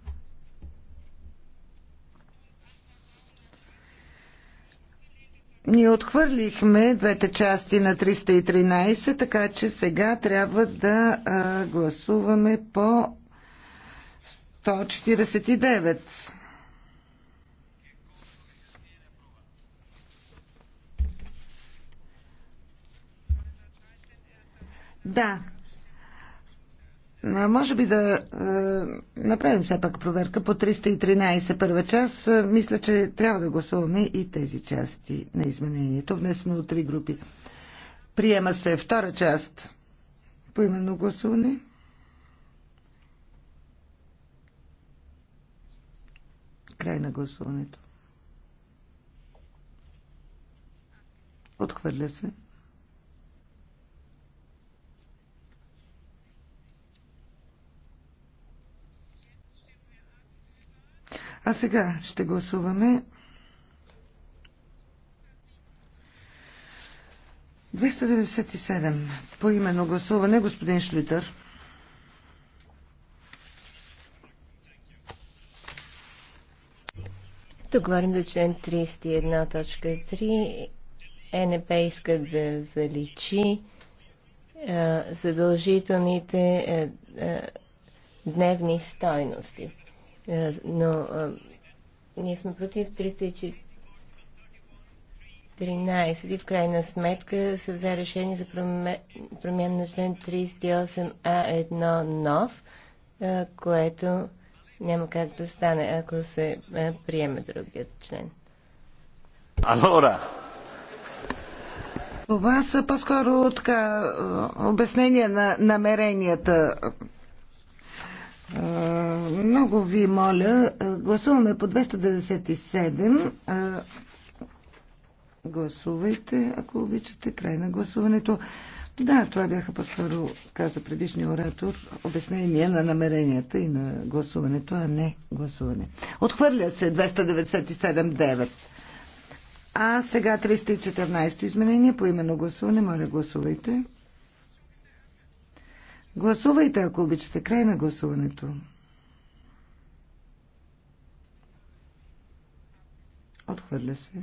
Ние отхвърлихме двете части на 313, така че сега трябва да а, гласуваме по 149. Да. Може би да е, направим все пак проверка по 313 първа част. Мисля, че трябва да гласуваме и тези части на изменението, внесено от три групи. Приема се втора част по именно гласуване. Край на гласуването. Отхвърля се. А сега ще гласуваме 297. По именно гласуване, господин Шлитър. Тук говорим за член 31.3. ЕНП иска да заличи задължителните дневни стойности. Е, но а, ние сме против 313 и в крайна сметка се взе решение за промяна на член 38А1 нов, а, което няма как да стане, ако се а, приеме другият член. Алора! Това са по-скоро така на намеренията много ви моля, е, гласуваме по 297. Е, гласувайте, ако обичате, край на гласуването. Да, това бяха по-скоро, каза предишния оратор, обяснение на намеренията и на гласуването, а не гласуване. Отхвърля се 297.9. А сега 314 изменение по именно гласуване. Моля, гласувайте. Гласувайте, ако обичате, край на гласуването. Отхвърля се.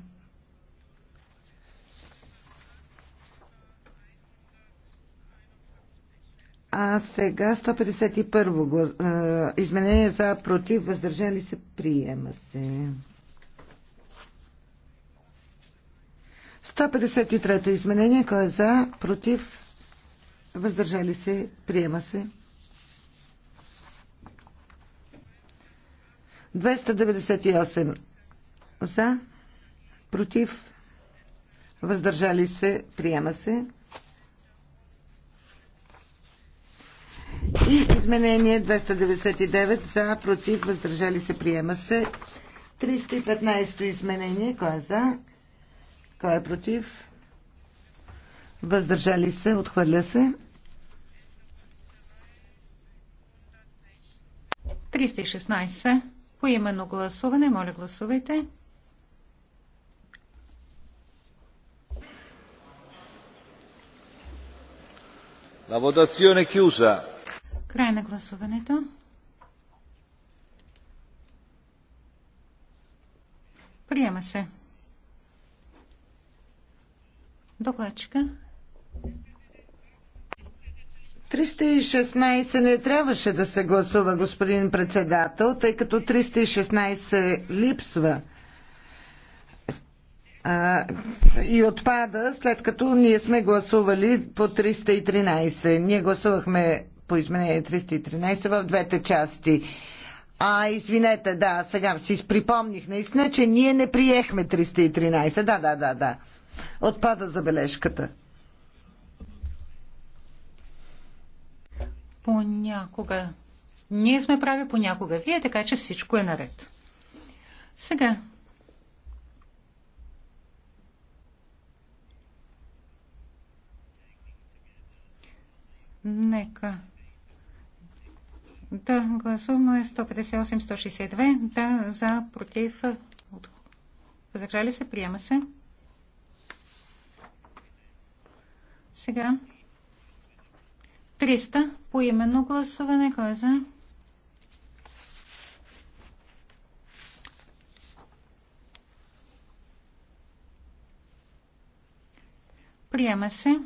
А сега 151 изменение за против, въздържали се, приема се. 153-то изменение, кой е за, против, въздържали се, приема се. 298 за, против, въздържали се, приема се. И изменение 299 за, против, въздържали се, приема се. 315 изменение, кой е за, кой е против, въздържали се, отхвърля се. 316 поименно гласуване, моля гласувайте. La votazione chiusa. Край на гласуването. Приема се. Докладчика. 316 не трябваше да се гласува, господин председател, тъй като 316 липсва и отпада, след като ние сме гласували по 313. Ние гласувахме по изменение 313 в двете части. А, извинете, да, сега си припомних наистина, че ние не приехме 313. Да, да, да, да. Отпада забележката. Понякога. Ние сме прави понякога. Вие така, че всичко е наред. Сега Нека да гласуваме 158-162. Да, за, против. Въздържали се, приема се. Сега 300 по именно гласуване. Кой е за? Приема се.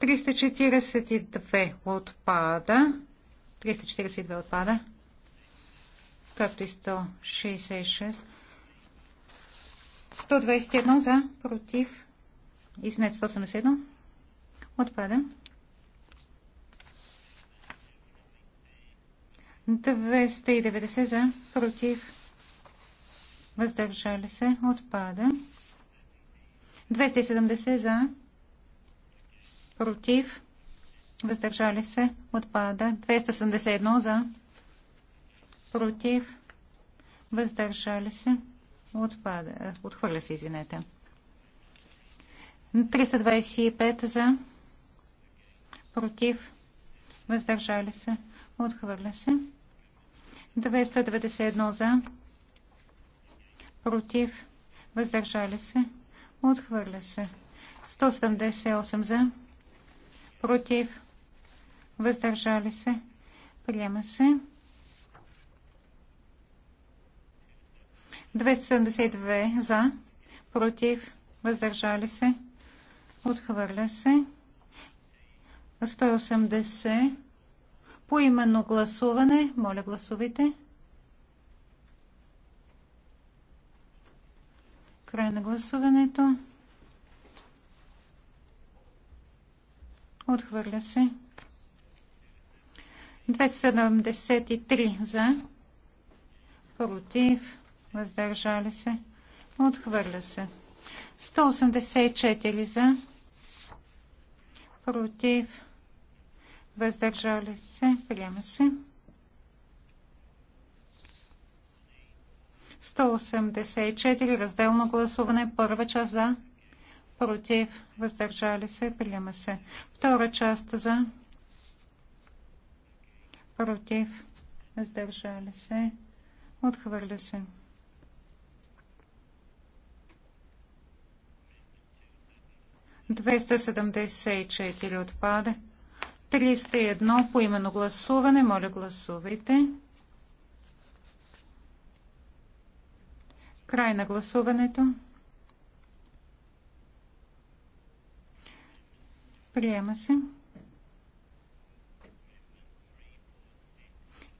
342 отпада. 342 отпада. Както и 166. 121 за, против. Извинете, 181. Отпада. 290 за, против. Въздържали се. Отпада. 270 за, против, въздържали се, отпада. 271 за, против, въздържали се, отпада. Отхвърля се, извинете. 325 за, против, въздържали се, отхвърля се. 291 за, против, въздържали се, отхвърля се. 178 за, против, въздържали се, приема се. 272 за, против, въздържали се, отхвърля се. 180 по именно гласуване. Моля, гласувайте. Край на гласуването. Отхвърля се. 273 за. Против. Въздържали се. Отхвърля се. 184 за. Против. Въздържали се. Приема се. 184 разделно гласуване. Първа част за против, въздържали се, приема се. Втора част за, против, въздържали се, отхвърля се. Двеста четири отпада. 301 по именно гласуване. Моля, гласувайте. Край на гласуването. Приема се.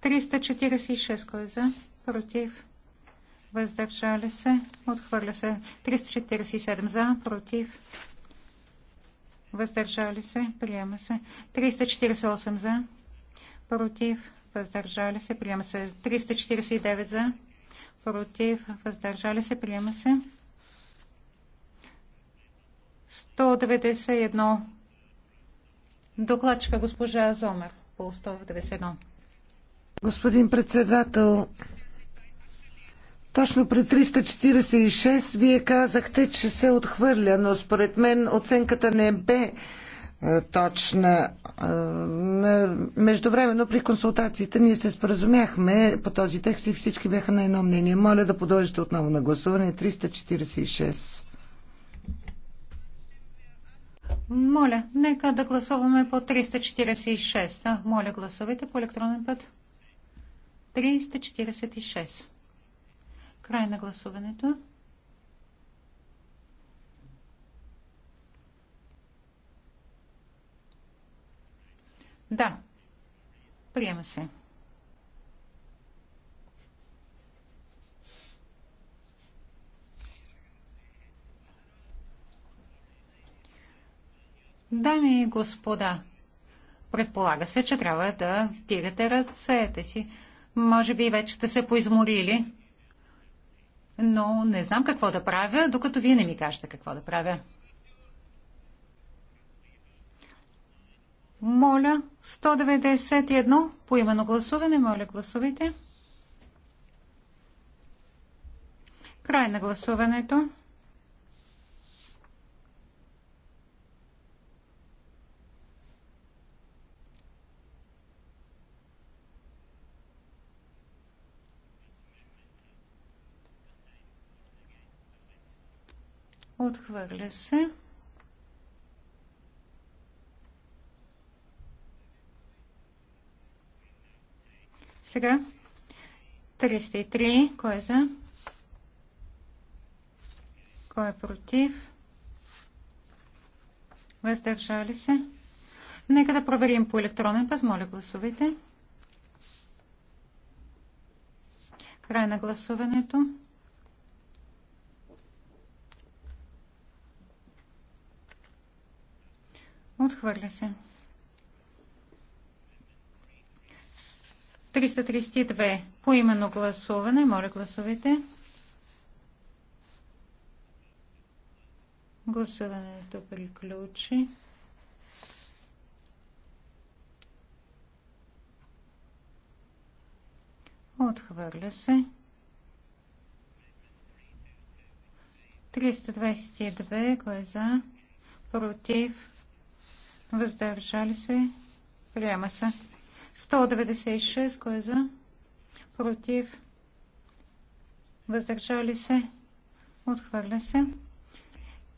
346 кой е за? Против. Въздържали се. Отхвърля се. 347 за. Против. Въздържали се. Приема се. 348 за. Против. Въздържали се. Приема се. 349 за. Против. Въздържали се. Приема се. 191 Докладчика госпожа Азомер по 191. Господин председател, точно при 346 вие казахте, че се отхвърля, но според мен оценката не бе е, точна. Е, междувременно при консултациите ние се споразумяхме по този текст и всички бяха на едно мнение. Моля да подложите отново на гласуване 346. Моля, нека да гласуваме по 346. А, моля, гласувайте по електронен път. 346. Край на гласуването. Да. Приема се. Дами и господа, предполага се, че трябва да тирате ръцете си. Може би вече сте се поизморили. Но не знам какво да правя, докато вие не ми кажете какво да правя. Моля, 191 по имено гласуване. Моля, гласувайте. Край на гласуването. Отхвърля се. Сега 303. Кой е за? Кой е против? Въздържали се? Нека да проверим по електронен път. Моля, гласувайте. Край на гласуването. Отхвърля се. 332. По именно гласуване. Моля, гласувайте. Гласуването приключи. Отхвърля се. 322. Кой е за? Против? въздържали се, приема се. 196, кой е за, против, въздържали се, отхвърля се.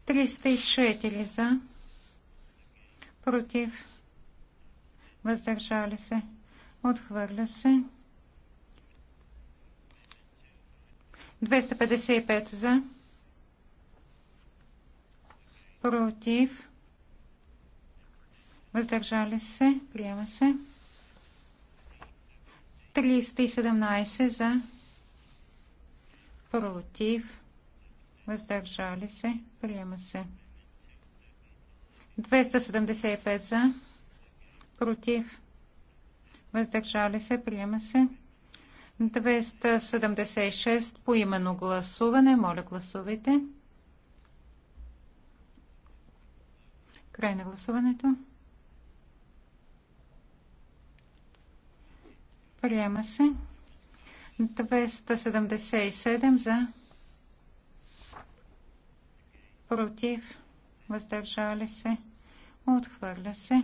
304 за, против, въздържали се, отхвърля се. 255 за, против, въздържали се, приема се. 317 за, против, въздържали се, приема се. 275 за, против, въздържали се, приема се. 276 по именно гласуване. Моля, гласувайте. Край на гласуването. Приема се. 277 за. Против. Въздържали се. Отхвърля се.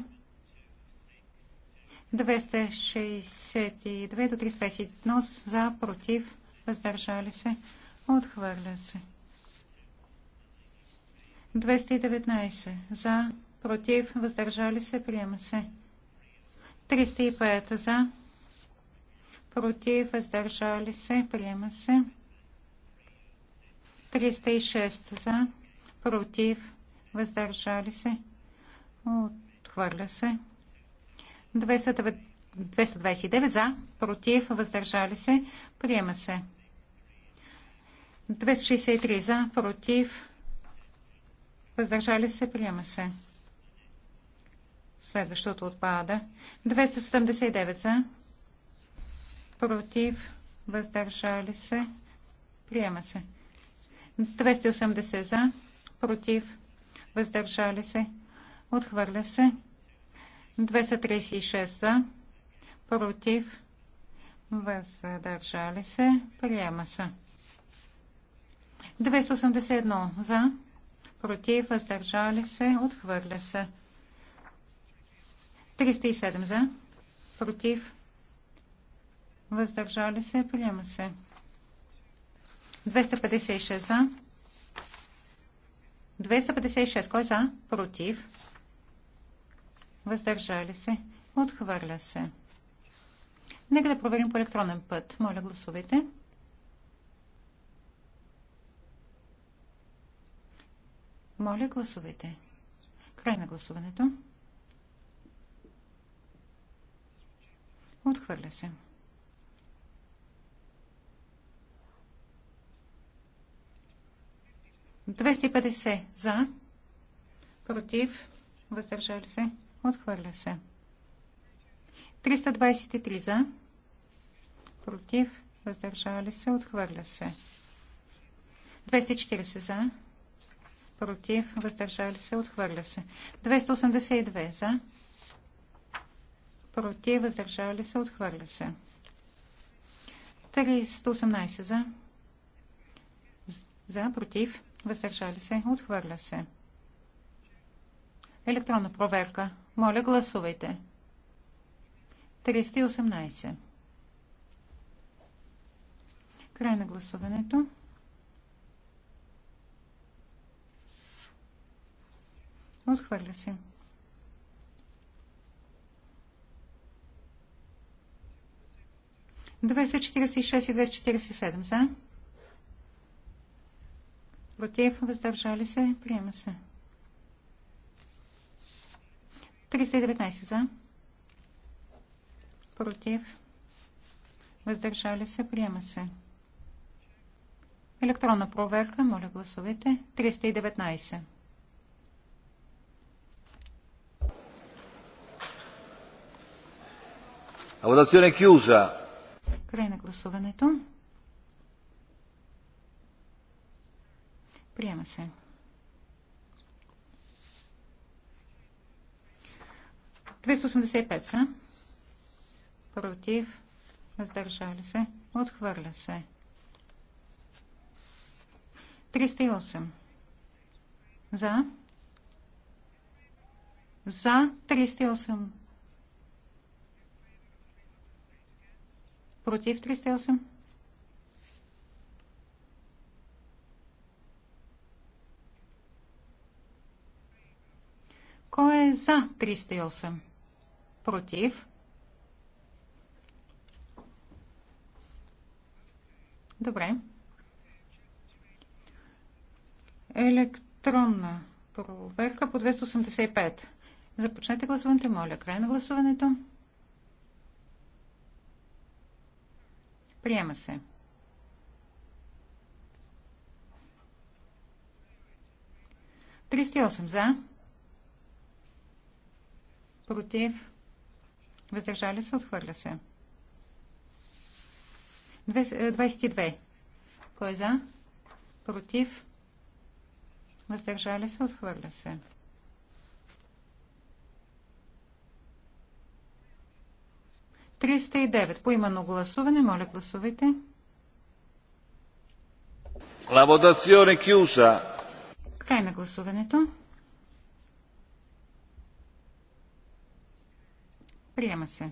262 до 321 за. Против. Въздържали се. Отхвърля се. 219 за. Против. Въздържали се. Приема се. 305 за против, въздържали се, приема се. 306 за, против, въздържали се, отхвърля се. 229 за, против, въздържали се, приема се. 263 за, против, въздържали се, приема се. Следващото отпада. 279 за, против, въздържали се, приема се. 280 за, против, въздържали се, отхвърля се. 236 за, против, въздържали се, приема се. 281 за, против, въздържали се, отхвърля се. 307 за, против, въздържали се, приема се. 256 за. 256. Кой за? Против. Въздържали се. Отхвърля се. Нека да проверим по електронен път. Моля, гласувайте. Моля, гласувайте. Край на гласуването. Отхвърля се. 250 за, против, въздържали се, отхвърля се. 323 за, против, въздържали се, отхвърля се. 240 за, против, въздържали се, отхвърля се. 282 за, против, въздържали се, отхвърля се. 318 за, за, против, въздържали се, отхвърля се. Електронна проверка. Моля, гласувайте. 318. Край на гласуването. Отхвърля се. Двеста четиридесет и шест и и двеста четиридесет седем за против, въздържали се, приема се. 319 за, против, въздържали се, приема се. Електронна проверка, моля гласовете. 319. Край на гласуването. Приема се. Двеста са. Против. Въздържали се. Отхвърля се. 308. За. За 308. Против 308. Кой е за 308? Против? Добре. Електронна проверка по 285. Започнете гласуването, моля. Край на гласуването. Приема се. осем за против, въздържали се, отхвърля се. 22. Е, Кой е за? Против? Въздържали се? Отхвърля се. 309. Поимано гласуване. Моля, гласувайте. Лаводационе кюса. Край на гласуването. Приема се.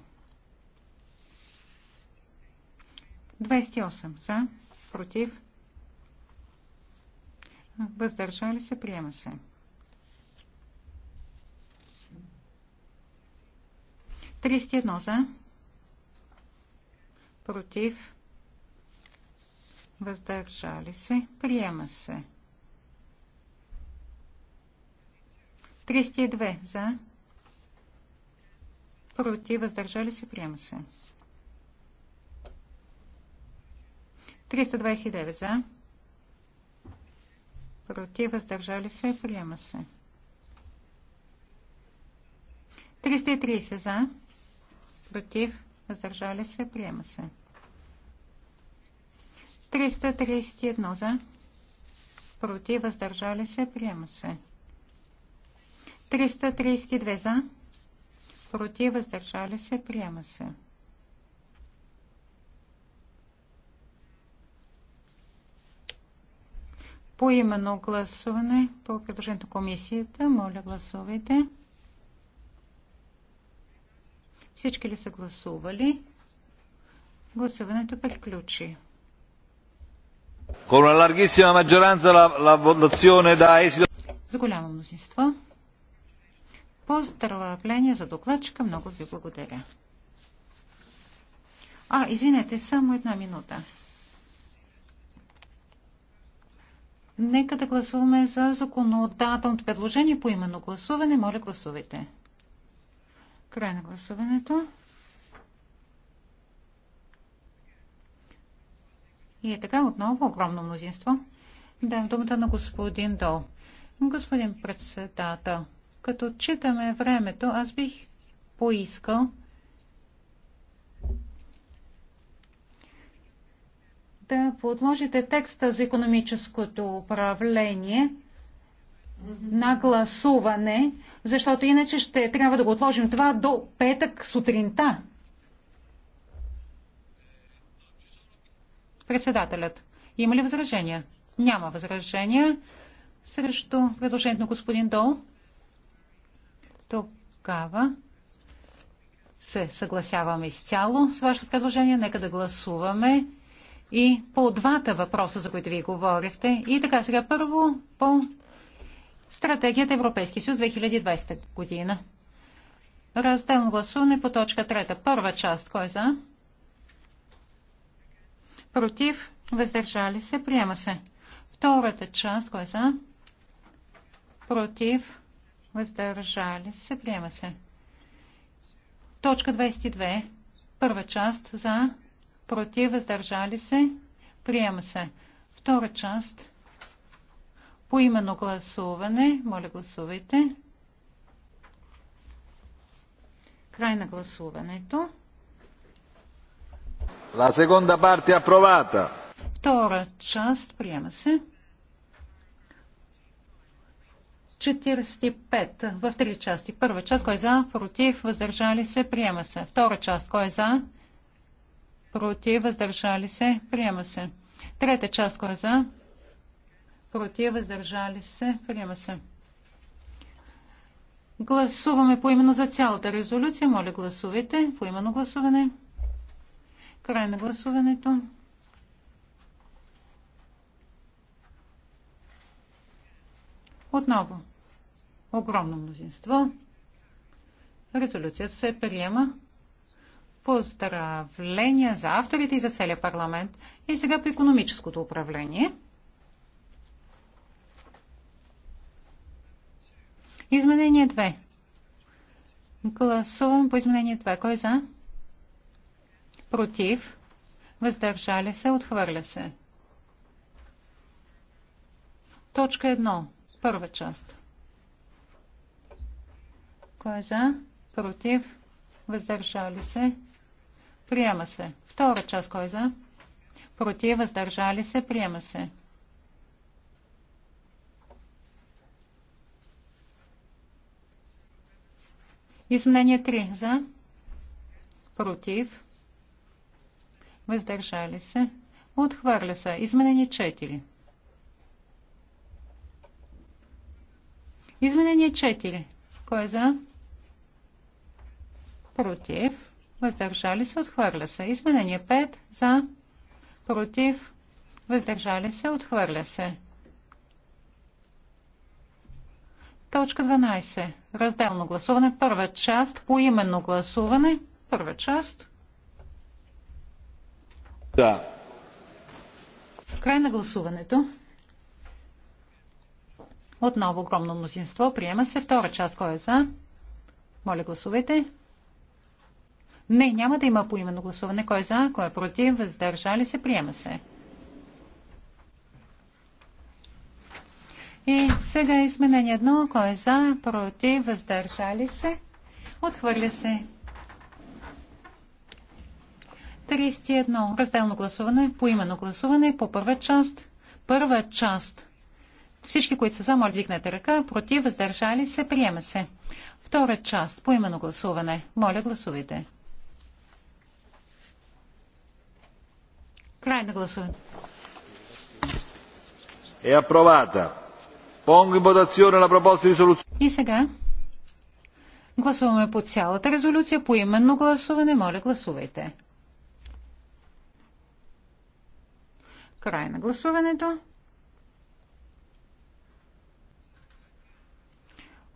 28 за, против, въздържали се, приема се. 31 за, против, въздържали се, приема се. 32 за, против, въздържали се, приема се. 329 за, против, въздържали се, приема се. 330 за, против, въздържали се, приема се. 331 за, против, въздържали се, приема се. 332 за, против, въздържали се, приема се. По именно гласуване по предложението комисията. Моля, гласувайте. Всички ли са гласували? Гласуването приключи. Con una larghissima maggioranza la, la votazione da esito. голямо Поздравление за докладчика. Много ви благодаря. А, извинете, само една минута. Нека да гласуваме за законодателното предложение по именно гласуване. Моля, гласувайте. Край на гласуването. И е така, отново огромно мнозинство. Да, думата на господин Дол. Господин председател, като отчитаме времето, аз бих поискал да подложите текста за економическото управление на гласуване, защото иначе ще трябва да го отложим това до петък сутринта. Председателят. Има ли възражения? Няма възражения срещу предложението на господин Дол. Тогава се съгласяваме изцяло с вашето предложение. Нека да гласуваме и по двата въпроса, за които ви говорихте. И така, сега първо по стратегията Европейски съюз 2020 година. Разделно гласуване по точка трета. Първа част. Кой е за? Против? Въздържали се? Приема се. Втората част. Кой е за? Против? въздържали се, приема се. Точка 22. Първа част за, против, въздържали се, приема се. Втора част по именно гласуване. Моля, гласувайте. Край на гласуването. La seconda parte approvata. Втора част приема се. 45 в три части. Първа част, кой е за, против, въздържали се, приема се. Втора част, кой е за, против, въздържали се, приема се. Трета част, кой е за, против, въздържали се, приема се. Гласуваме поименно за цялата резолюция. Моля, гласувайте. Поименно гласуване. Край на гласуването. Отново огромно мнозинство. Резолюцията се приема. Поздравления за авторите и за целия парламент. И сега по економическото управление. Изменение 2. Гласувам по изменение 2. Кой е за? Против. Въздържали се. Отхвърля се. Точка 1. Първа част. Кой е за? Против? Въздържали се? Приема се. Втора част. Кой е за? Против? Въздържали се? Приема се. Изменение 3. За? Против? Въздържали се? Отхвърля се. Изменение 4. Изменение 4. Кой е за? против, въздържали се, отхвърля се. Изменение 5 за, против, въздържали се, отхвърля се. Точка 12. Разделно гласуване. Първа част. по именно гласуване. Първа част. Да. Край на гласуването. Отново огромно мнозинство. Приема се втора част. Кой е за? Моля гласувайте. Не, няма да има поименно гласуване. Кой е за, кой е против, въздържали се, приема се. И сега изменение едно. Кой е за, против, въздържали се, отхвърля се. 31. Разделно гласуване, поименно гласуване по първа част. Първа част. Всички, които са за, моля, вдигнете ръка. Против, въздържали се, приема се. Втора част. Поименно гласуване. Моля, гласувайте. Край на гласуването. Е апровата. И сега гласуваме по цялата резолюция по именно гласуване. Моля, гласувайте. Край на гласуването.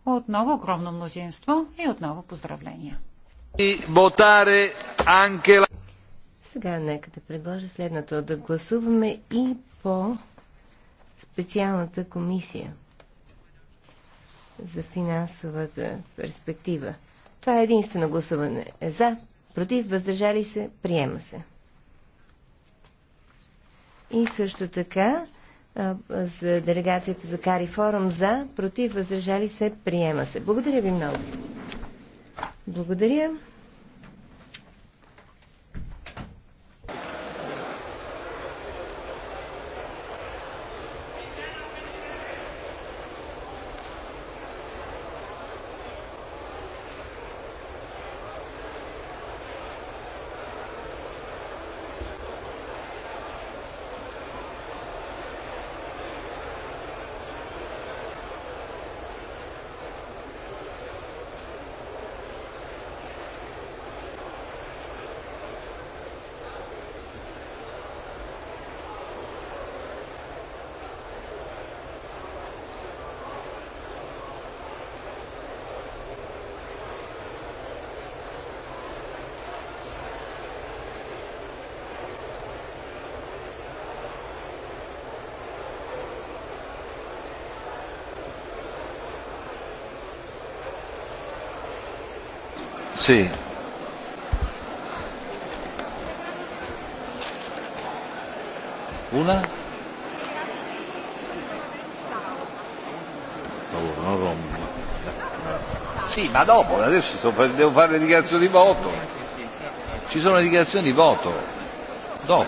Отново огромно мнозинство и отново поздравления. И сега нека да предложа следното. Да гласуваме и по специалната комисия за финансовата перспектива. Това е единствено гласуване. Е за, против, въздържали се, приема се. И също така за делегацията за Кари Форум за, против, въздържали се, приема се. Благодаря ви много. Благодаря. Sí. Una. non Sì, ma dopo, adesso devo fare le dichiarazioni di voto. Ci sono le dichiarazioni di voto.